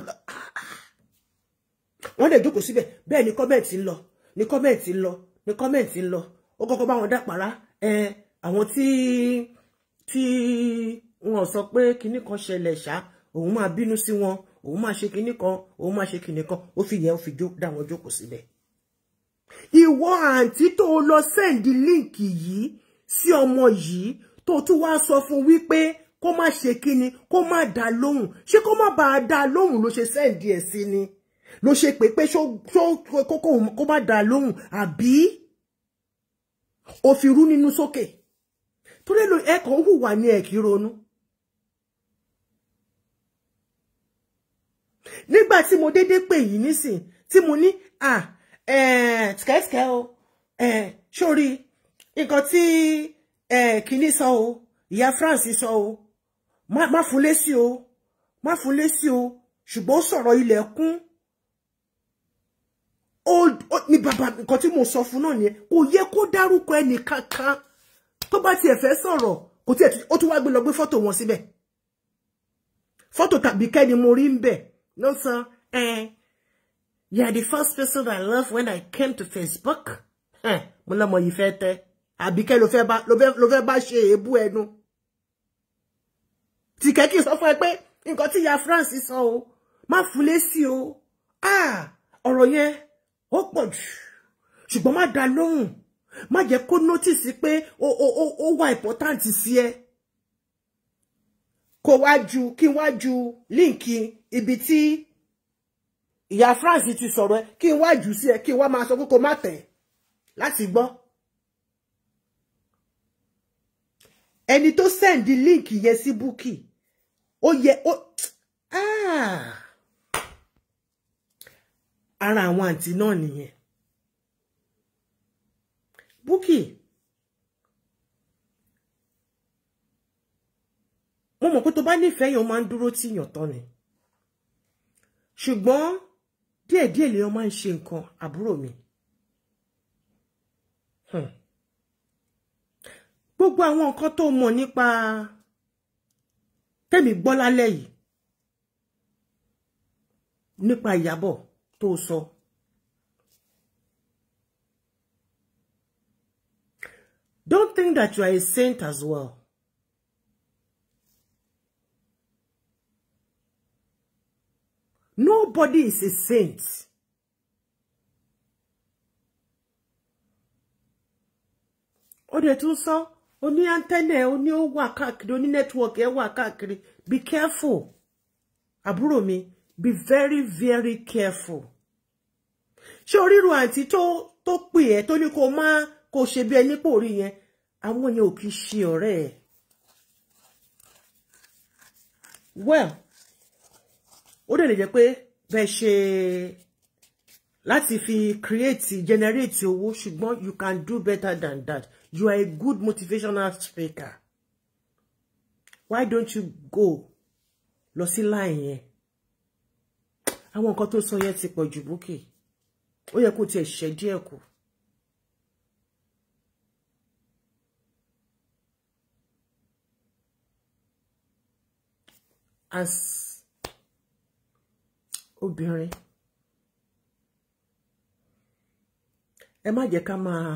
wọ́n lè jókòó síbẹ̀ bẹ́ẹ̀ ni kọ́mẹ̀ntì ń lọ ni kọ́mẹ̀ntì ń lọ ni kọ́mẹ̀ntì ń lọ ó kọ́kọ́ bá wọn dàpàrà ẹ àwọn tí tí wọn sọ pé kinní kan ṣẹlẹ̀ ṣáá òun máa bínú sí wọn òun máa ṣe kinní kan òun máa ṣe kinní kan ó fi yẹn ó fi dá wọn jókòó síbẹ̀. ìwọ àǹtí tó lọ sẹ́ǹdì líǹkì yìí sí ọmọ yìí tó tún wá sọ fún wípé kó má ṣe kinní kó má dá lóhùn ṣé kó má bàa dá lóhùn ló ṣe sẹ́ǹdì ẹ̀ sí ni ló ṣe pé pé kókó kó má dá lóhùn àbí òfin rú nínú sókè torí ẹ hùwà ní ẹ ronú. nígbà tí mo dédé pè yìí nísìn tí mo ní à tìkẹ́tìkẹ́ o sórí nǹkan tí kìíní sọ o ìyá France sọ o má fún lésì o má fún lésì o ṣùgbọ́n ó sọ̀rọ̀ ilẹ̀kùn ni bàbá nǹkan tí mo sọ fún náà nìyẹn kò yẹ kó dárúkọ ẹnì kankan tó bá tiẹ̀ fẹ́ sọ̀rọ̀ kò tiẹ̀ ó tún wá gbé lọ gbé fọ́tò wọn síbẹ̀ fọ́tò tàbí kẹ́ni mo rí ń bẹ̀ No, sir. Eh. You're the first person I love when I came to Facebook. Eh. Mo la mo ìfẹ́ tẹ. Àbíkẹ́ ló fẹ́ bá ló fẹ́ ló fẹ́ bá ṣe èébú ẹnu. Ti keki sọ fún ẹ pé nǹkan tí ya France sọ o. Má fule sí o. Ah, ọ̀rọ̀ yẹn ó pọ̀jù. Ṣùgbọ́n má dá lóhùn. o jẹ́ kó notice pé o o o wà important sí ẹ kó wá ju kí wá ju líǹkì ibi tí ìyá France ti sọ̀rọ̀ ẹ kí wá jù sí ẹ kí wá máa sọ pé kó má tẹ̀ láti gbọ́. ẹni tó sẹ́ndì líǹkì yẹn sí búkì ó yẹ ah! ara àwọn àǹtí náà nìyẹn búkì. mo mọ̀ pé tó bá nífẹ̀ẹ́ yẹn máa ń dúró tí yàn tán ni ṣùgbọ́n díẹ̀díẹ̀ lèèyàn máa ń ṣe nǹkan àbúrò mi hmm. gbogbo àwọn nǹkan tó mọ̀ nípa tẹ̀mí gbọ́ lálẹ́ yìí nípa Ìyábọ̀ tó sọ don't think that you are a saint as well Nobody is a saint. Ó dẹ̀ tún sọ, ó ní antenna, O ní ó wà káàkiri, ó ní network ẹ̀ wà káàkiri. Be careful. Àbúrò mi, be very very careful. Ṣé oríru àǹtí to tó pè ẹ́ tó ní kó má kó ṣe bí ẹni pò rí yẹn, àwọn yẹn ò kì í ṣe Well, ó dẹ̀ lè jẹ́ pé bẹ́ẹ̀ ṣe láti fi create generate owó ṣùgbọ́n you can do better than that you are a good motivational speaker why don't you go lọ sí láì yẹn àwọn nǹkan tó sọ yẹn ti pọ̀ jù Bukky ó yẹ kó tiẹ̀ ṣẹ́ díẹ̀ kù. as obìnrin ẹ má jẹ́ ká máa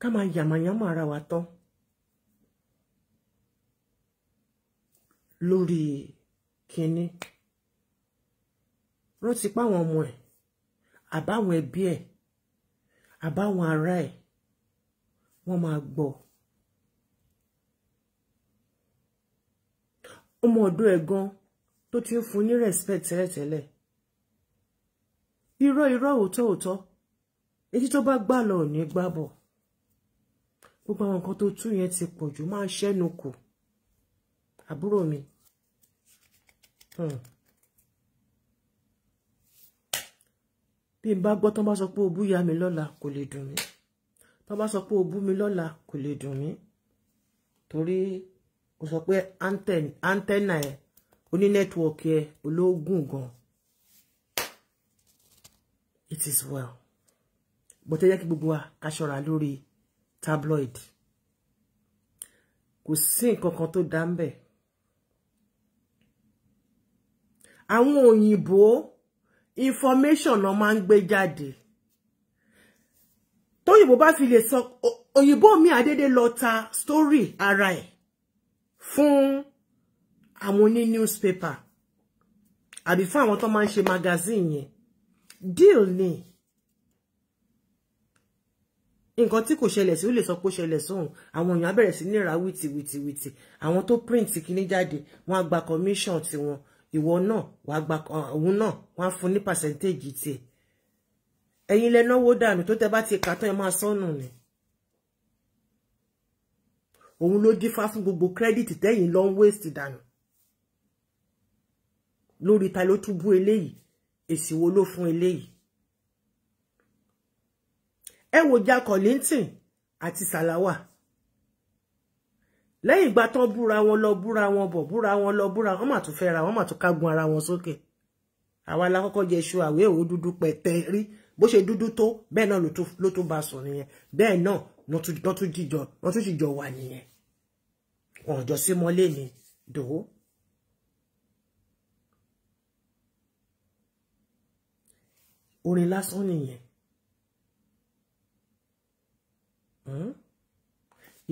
ká máa yàmàyàmà ara wa tán lórí kínní rántí páwọn ọmọ ẹ àbáwọn ẹbí ẹ àbáwọn ará ẹ wọ́n máa gbọ́ ọmọ ọ̀dọ̀ ẹ gan tó ti ń fún ní respect tẹ́lẹ̀tẹ́lẹ̀ irọ́ irọ́ òótọ́ òótọ́ etí tó bá gbà lọ ní gbàbọ̀ gbogbo àwọn nǹkan tó tú yẹn ti pọ̀ jù máa ṣẹ́nu kù àbúrò mi hmm. bí n bá gbọ́ tán bá sọ pé o bú ya mi lọ́la kò lè dùn mí tán bá sọ pé o bú mi lọ́la kò lè dùn mí torí o sọ pé antenna ẹ̀ oní nẹ́tíwọ̀kì ẹ olóògùn gan it is well but ẹ jẹ́ kí gbogbo wa ká ṣọ́ra tabloid kò sí nǹkan kan tó dá ń bẹ̀ information náà máa ń gbé jáde tóyìnbó bá fi lè sọ òyìnbó mi adede lota story ara ẹ̀ fún àwọn oní newspaper àbí fún àwọn tó máa ń ṣe magazine yẹn deal ni nǹkan tí kò ṣẹlẹ̀ sí ó lè sọ pé ó ṣẹlẹ̀ sóhun àwọn èèyàn á bẹ̀rẹ̀ sí ní ra wìtìwìtìwìtì àwọn tó print kíní jáde wọ́n á gba commission tiwọn ìwọ náà wàá gba òun náà wọ́n á fún ní percentage tiẹ̀ ẹ̀yin lẹ náwó dànù tó tẹ bá ti kà tán ẹ máa sọnù ni òun ló dífá fún gbogbo credit tẹ́yìn lọ ń waste dànù lórí ta ló tún bú eléyìí èsì wo ló fún eléyìí ẹ wò ja Kollington àti Salawa lẹ́yìn ìgbà tán búra wọn lọ búra wọn bọ̀ búra wọn lọ búra wọn mà tún fẹ́ra wọn mà tún kágun ara wọn sókè àwa la kọ́kọ́ jẹ ṣu àwé òwò dúdú pẹ̀tẹ́ rí bó ṣe dúdú tó bẹ́ẹ̀ náà ló tún bá sùn nìyẹn bẹ́ẹ̀ náà wọ́n tún jìjọ wà nìyẹn ọ̀jọ́ símọ́lé ni dòwó orin lásán nìyẹn hmm?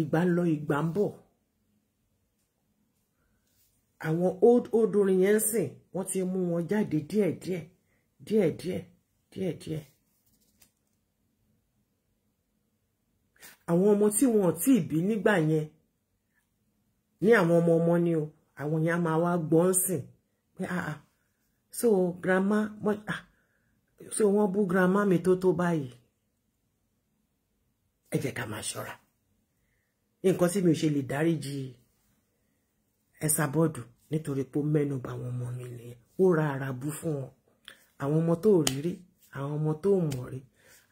ìgbà ń lọ ìgbà ń bọ̀ àwọn old old orin yẹn ń sìn wọ́n ti mú wọn jáde díẹ̀díẹ̀ díẹ̀díẹ̀ díẹ̀díẹ̀ àwọn ọmọ tí wọn ò tí ì bí nígbà yẹn ní àwọn ọmọ ọmọ ni o àwọn yẹn á máa wá gbọ́n sìn pé ah, ah so grandma ah so wọ́n bú grandma mi tó tó báyìí ẹ jẹ́ ká máa ṣọ́ra nǹkan tí mi ò ṣe lè dáríji ẹ̀sà bọ́ọ̀dù nítorí pé ó mẹ́nu bà àwọn ọmọ mi nìyẹn ó ra ara bú fún wọn àwọn ọmọ tó rírí àwọn ọmọ tó mọ̀ rí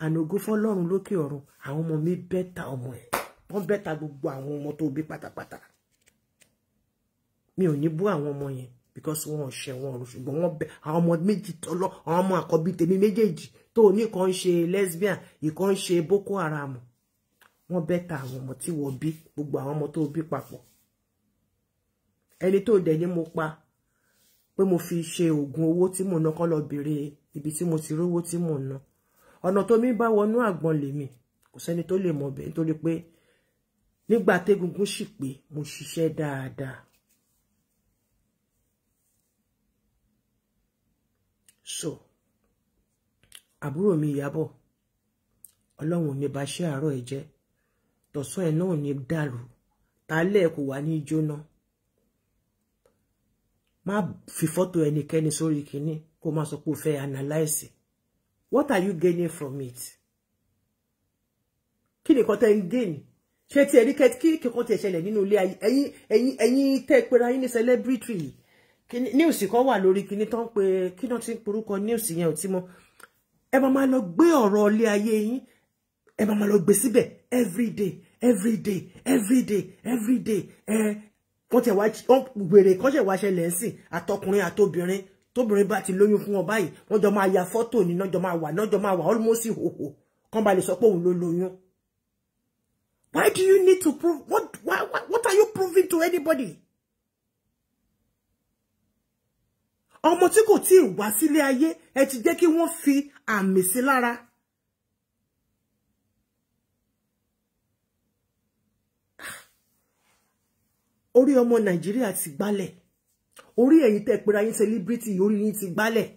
ànàgó fọlọ́run lókè ọ̀run àwọn ọmọ mi bẹ́ta ọmọ ẹ̀ wọ́n bẹ́ta gbogbo àwọn ọmọ tó bí pátápátá mi ò ní bú àwọn ọmọ yẹn because wọn ṣe wọn ọrùn ṣùgbọ́n wọn bẹ àwọn ọmọ méjì tọlọ àwọn ọmọ àkọ́bí tèmi méjèèjì tó ní kan ṣe lesbian ìkan ṣe boko haram wọn bẹ ta àwọn ọmọ tí wọn bí gbogbo àwọn ọmọ tó bí papọ̀ ẹni tó dẹ ní mo pa pé mo fi ṣe oògùn owó tí mò ń ná kán lọ béèrè ibi tí mo ti rówó tí mò ń ná ọ̀nà tó mi bá wọnú àgbọn lèmi kò sẹ́ni tó lè mọ̀ bẹ́ẹ̀ nítorí pé nígbà tégúngún sì pé mo ṣiṣẹ́ dáadáa so àbúrò mi Ìyábọ̀ Ọlọ́run ní bá ṣe àárọ̀ ẹ jẹ́ tọ̀sán ẹ náà ní dàrú tálẹ̀ kò wá ní jóná má fi fọ́tò ẹnikẹ́ni sórí kínní kó má sọ pé o fẹ́ analyse what are you gaining from it kí ni kọ́tẹ́ ń gain ṣé ti ẹ̀rí kí kí kọ́tẹ́ ṣẹlẹ̀ nínú ilé ayé ẹ̀yin ẹ̀yin tẹ́ pera yín ní celebrity yìí news kan wà lórí kíní tán pé kí náà ti ń porúkọ news yẹn ò tí mọ ẹ máa máa lọ gbé ọ̀rọ̀ ilé ayé yín ẹ máa máa lọ gbé síbẹ̀ everyday everyday everyday everyday ẹ wọ́n tẹ̀ wá wèrè kan ṣẹ̀ wá ṣẹlẹ̀ sí àtọkùnrin àtobìnrin tóbìnrin bá ti lóyún fún wọn báyìí wọ́n jọ máa ya fọ́tò ní náà jọ máa wà náà jọ máa wà almost ìhòhò kán ba lè sọ pé òun ló Why do you need to prove? What, why, what are you proving to anybody? ọmọ tí kò tí wá sílé ayé ẹ ti jẹ́ kí wọ́n fi àmì sí lára. orí ọmọ nàìjíríà ti gbálẹ̀ orí ẹ̀yin tẹ́ pera yín celebrity orí yín ti gbálẹ̀.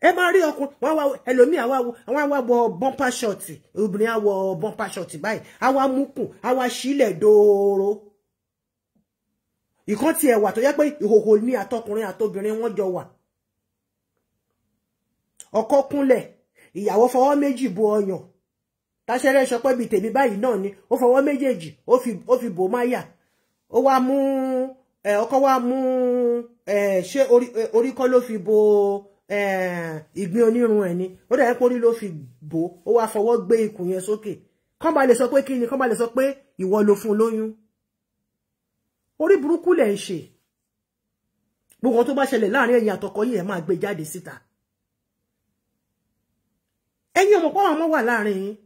ẹ máa rí ọkùnrin wọn wá ẹlòmíì àwa àwọn àwa wọ bọ́ńpà ṣọ̀tì obìnrin àwọ bọ́ńpà ṣọ̀tì báyìí àwa mú kùn àwa sílẹ̀ dòòrò ìkan tiẹ̀ wà tó yẹ pé ìhòhò ní àtọkùnrin àtobìnrin wọ́n jọ wà ọkọ kúnlẹ̀ ìyàwó fọwọ́ méjì bo ọyàn táṣẹ́rẹ́ sọ pé bíi tèmi báyìí náà ni ó fọwọ́ méjèèjì ó fi bò máyà ó wá mú ọkọ wá mú ṣé orí kọ́ ló fi bo ìgbín onírun ẹ̀ ni ó dàbí pé orí ló fi bò ó wá fọwọ́ gbé ikùn yẹn sókè kán bá lè sọ pé kí ni kán bá lè sọ pé ìwọ ló fún lóyún orí burúkú lẹ̀ ń ṣe gbogbo tó bá ṣẹlẹ̀ láàrin ẹ̀yin àtọkọ yìí ẹ̀ máa gbé jáde síta ẹ̀yin ọmọ pọ́wọ́n ọmọ wà láàrin yín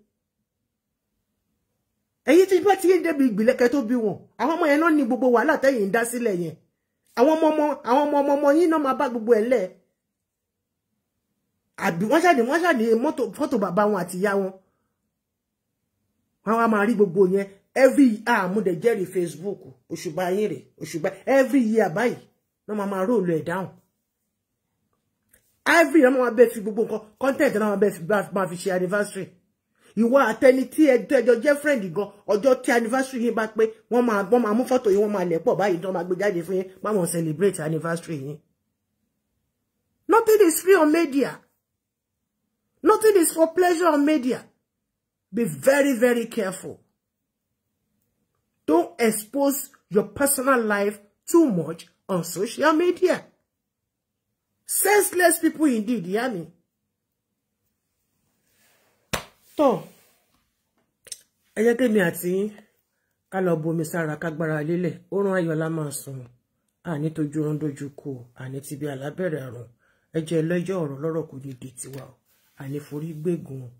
ẹ̀yin tí bá ti ń débi ìgbìlẹ̀kẹ́ tó bí wọn àwọn ọmọ yẹn náà ní gbogbo wàhálà tẹ́yìn ń dá sílẹ̀ yẹn àwọn ọmọ ọmọ àwọn ọmọ ọmọ ọmọ yín náà máa bá gbogbo ẹ̀ lẹ̀ àbí wọ́n ṣàdé wọ́n ṣàdé mọ́tò bàbá wọn àti ìyá wọn wọn á máa rí gbogbo yẹn every ah mo de jerry facebook òṣùbà yín rè every year báyìí no ma ma roll e down every year ma be fi gbogbo nǹkan content na ma be fi ma fi ṣe anniversary ìwọ àtẹni tí ẹjọ jẹ friend go ọjọ́ tí anniversary yín bá pé wọ́n máa wọ́n máa mú fọ́tò yín wọ́n máa lẹ̀ pọ̀ báyìí tán máa gbé jáde fún yín má wọn celebrate anniversary yín nothing is free on media nothing is for pleasure on media be very very careful Don't expose your personal life too much on social media. Senseless people indeed, yá mi. Tó. Ẹ jẹ́ tèmi àti ká lọ bomi sára ká gbára lélẹ̀. Orun ayọ̀ la máa sùn. Àní tójú orun dojú kọ, àní ti bí alábẹ̀rẹ̀ àrùn. Ẹ jẹ́ lọ́jọ́ ọ̀rọ̀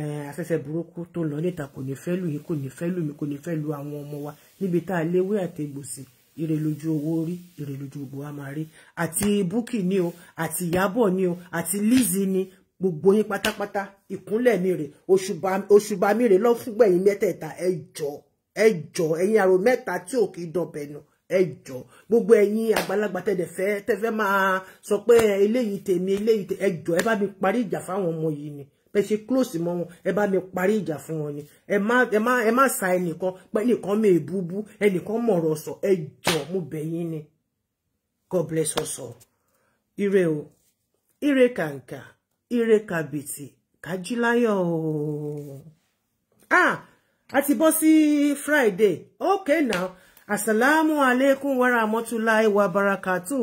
Eh, afẹ́fẹ́ burúkú tó lọ níta kò ní fẹ́ lù yín kò ní fẹ́ lù mí kò ní fẹ́ lu àwọn ọmọ wa níbi tá a léwé àtẹgbòsì ire lójú owó rí ire lójú gbogbo wa máa rí àti Bukky ni o àti Ìyábọ̀ ni o àti Lizzy ni gbogbo yín pátápátá ìkúnlẹ̀ mi rè òṣùbà mi rè lọ fúngbà ẹ̀yin mẹ́tẹ̀ẹ̀ta ẹ jọ ẹ jọ ẹ̀yin àrò mẹ́ta tí ò kì í dọ̀bẹ̀ nù ẹ jọ gbogbo ẹ̀yin àgbàlagbà tẹ̀dẹ̀ fẹ́ tẹ́fẹ́ máa sọ pé eléyìí tèmi eléyìí tèmi ẹ jọ ẹ bá mi parí ìjà fáwọn ọmọ yìí ni bẹ́ẹ̀ ṣe close mọ́ wọn ẹ bá mi parí ìjà fún wọn ni e má ẹ má ẹ má sa ẹnìkan pé ẹnìkan mọ èbúbú ẹnìkan mọ̀rọ̀ sọ ẹ jọ̀ mo bẹ̀ yín ni God bless us all ire o ire kàǹkà ire kàbìtì kájíláyọ̀ ah a ti bọ́ Friday okay now assalamu aleykum wàrà mọ́túláì wà barakatu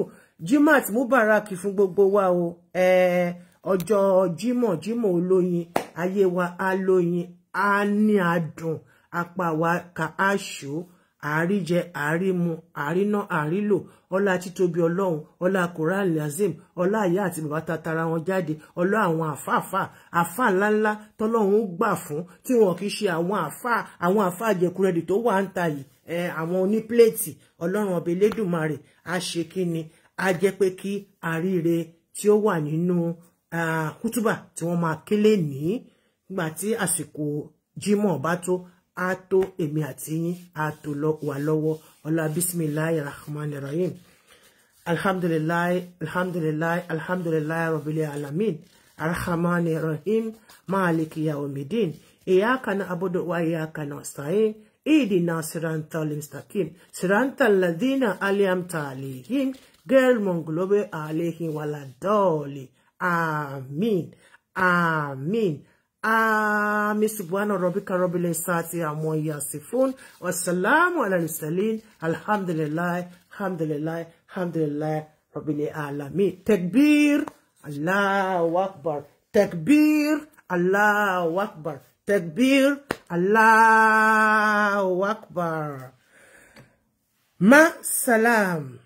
Jumat mubarak fún gbogbo wa o Eh, ọjọ́ Jímọ̀ Jímọ̀ olóyin ayé wa á lóyin á ní adùn apá wa ká á ṣó àríjẹ àrímu àríná àrílò ọlá títóbi Ọlọ́run ọlá koran lazim ọlá ìyá àti bàbá tatara wọn jáde ọlá àwọn àfáàfà àfáà ńláńlá tọ́lọ́run gbà fún tí wọn kì í ṣe àwọn àfáà àwọn àfáà jẹkúrẹdì tó wà ń ta yìí àwọn onípléètì Ọlọ́run ọbẹ Elédùmarè a ṣe kí ni a jẹ́ pé kí àríire tí ó wà nínú kútúbà tí wọ́n máa kélé ní nígbà tí àsìkò jímọ̀ bá tó á tó èmi àti yín á tó wà lọ́wọ́ ọlá bisimilahi rahman rahim alhamdulilayi alhamdulilayi alhamdulilayi rabbil alamin arhamani rahim maliki yaomidin iyaka na abudu wa iyaka na sa'in اهدنا صراط المستقيم صراط الذين أنعمت عليهم غير المغضوب عليهم ولا Amin, àmín àmín amesibuano robika robile sati amoya sifun wasalamu ala alisalin Alhamdulillah, Alhamdulillah. alhamdulilayi robile alamin tekbir allahu akbar tekbir allahu akbar tekbir allahu akbar ma salam.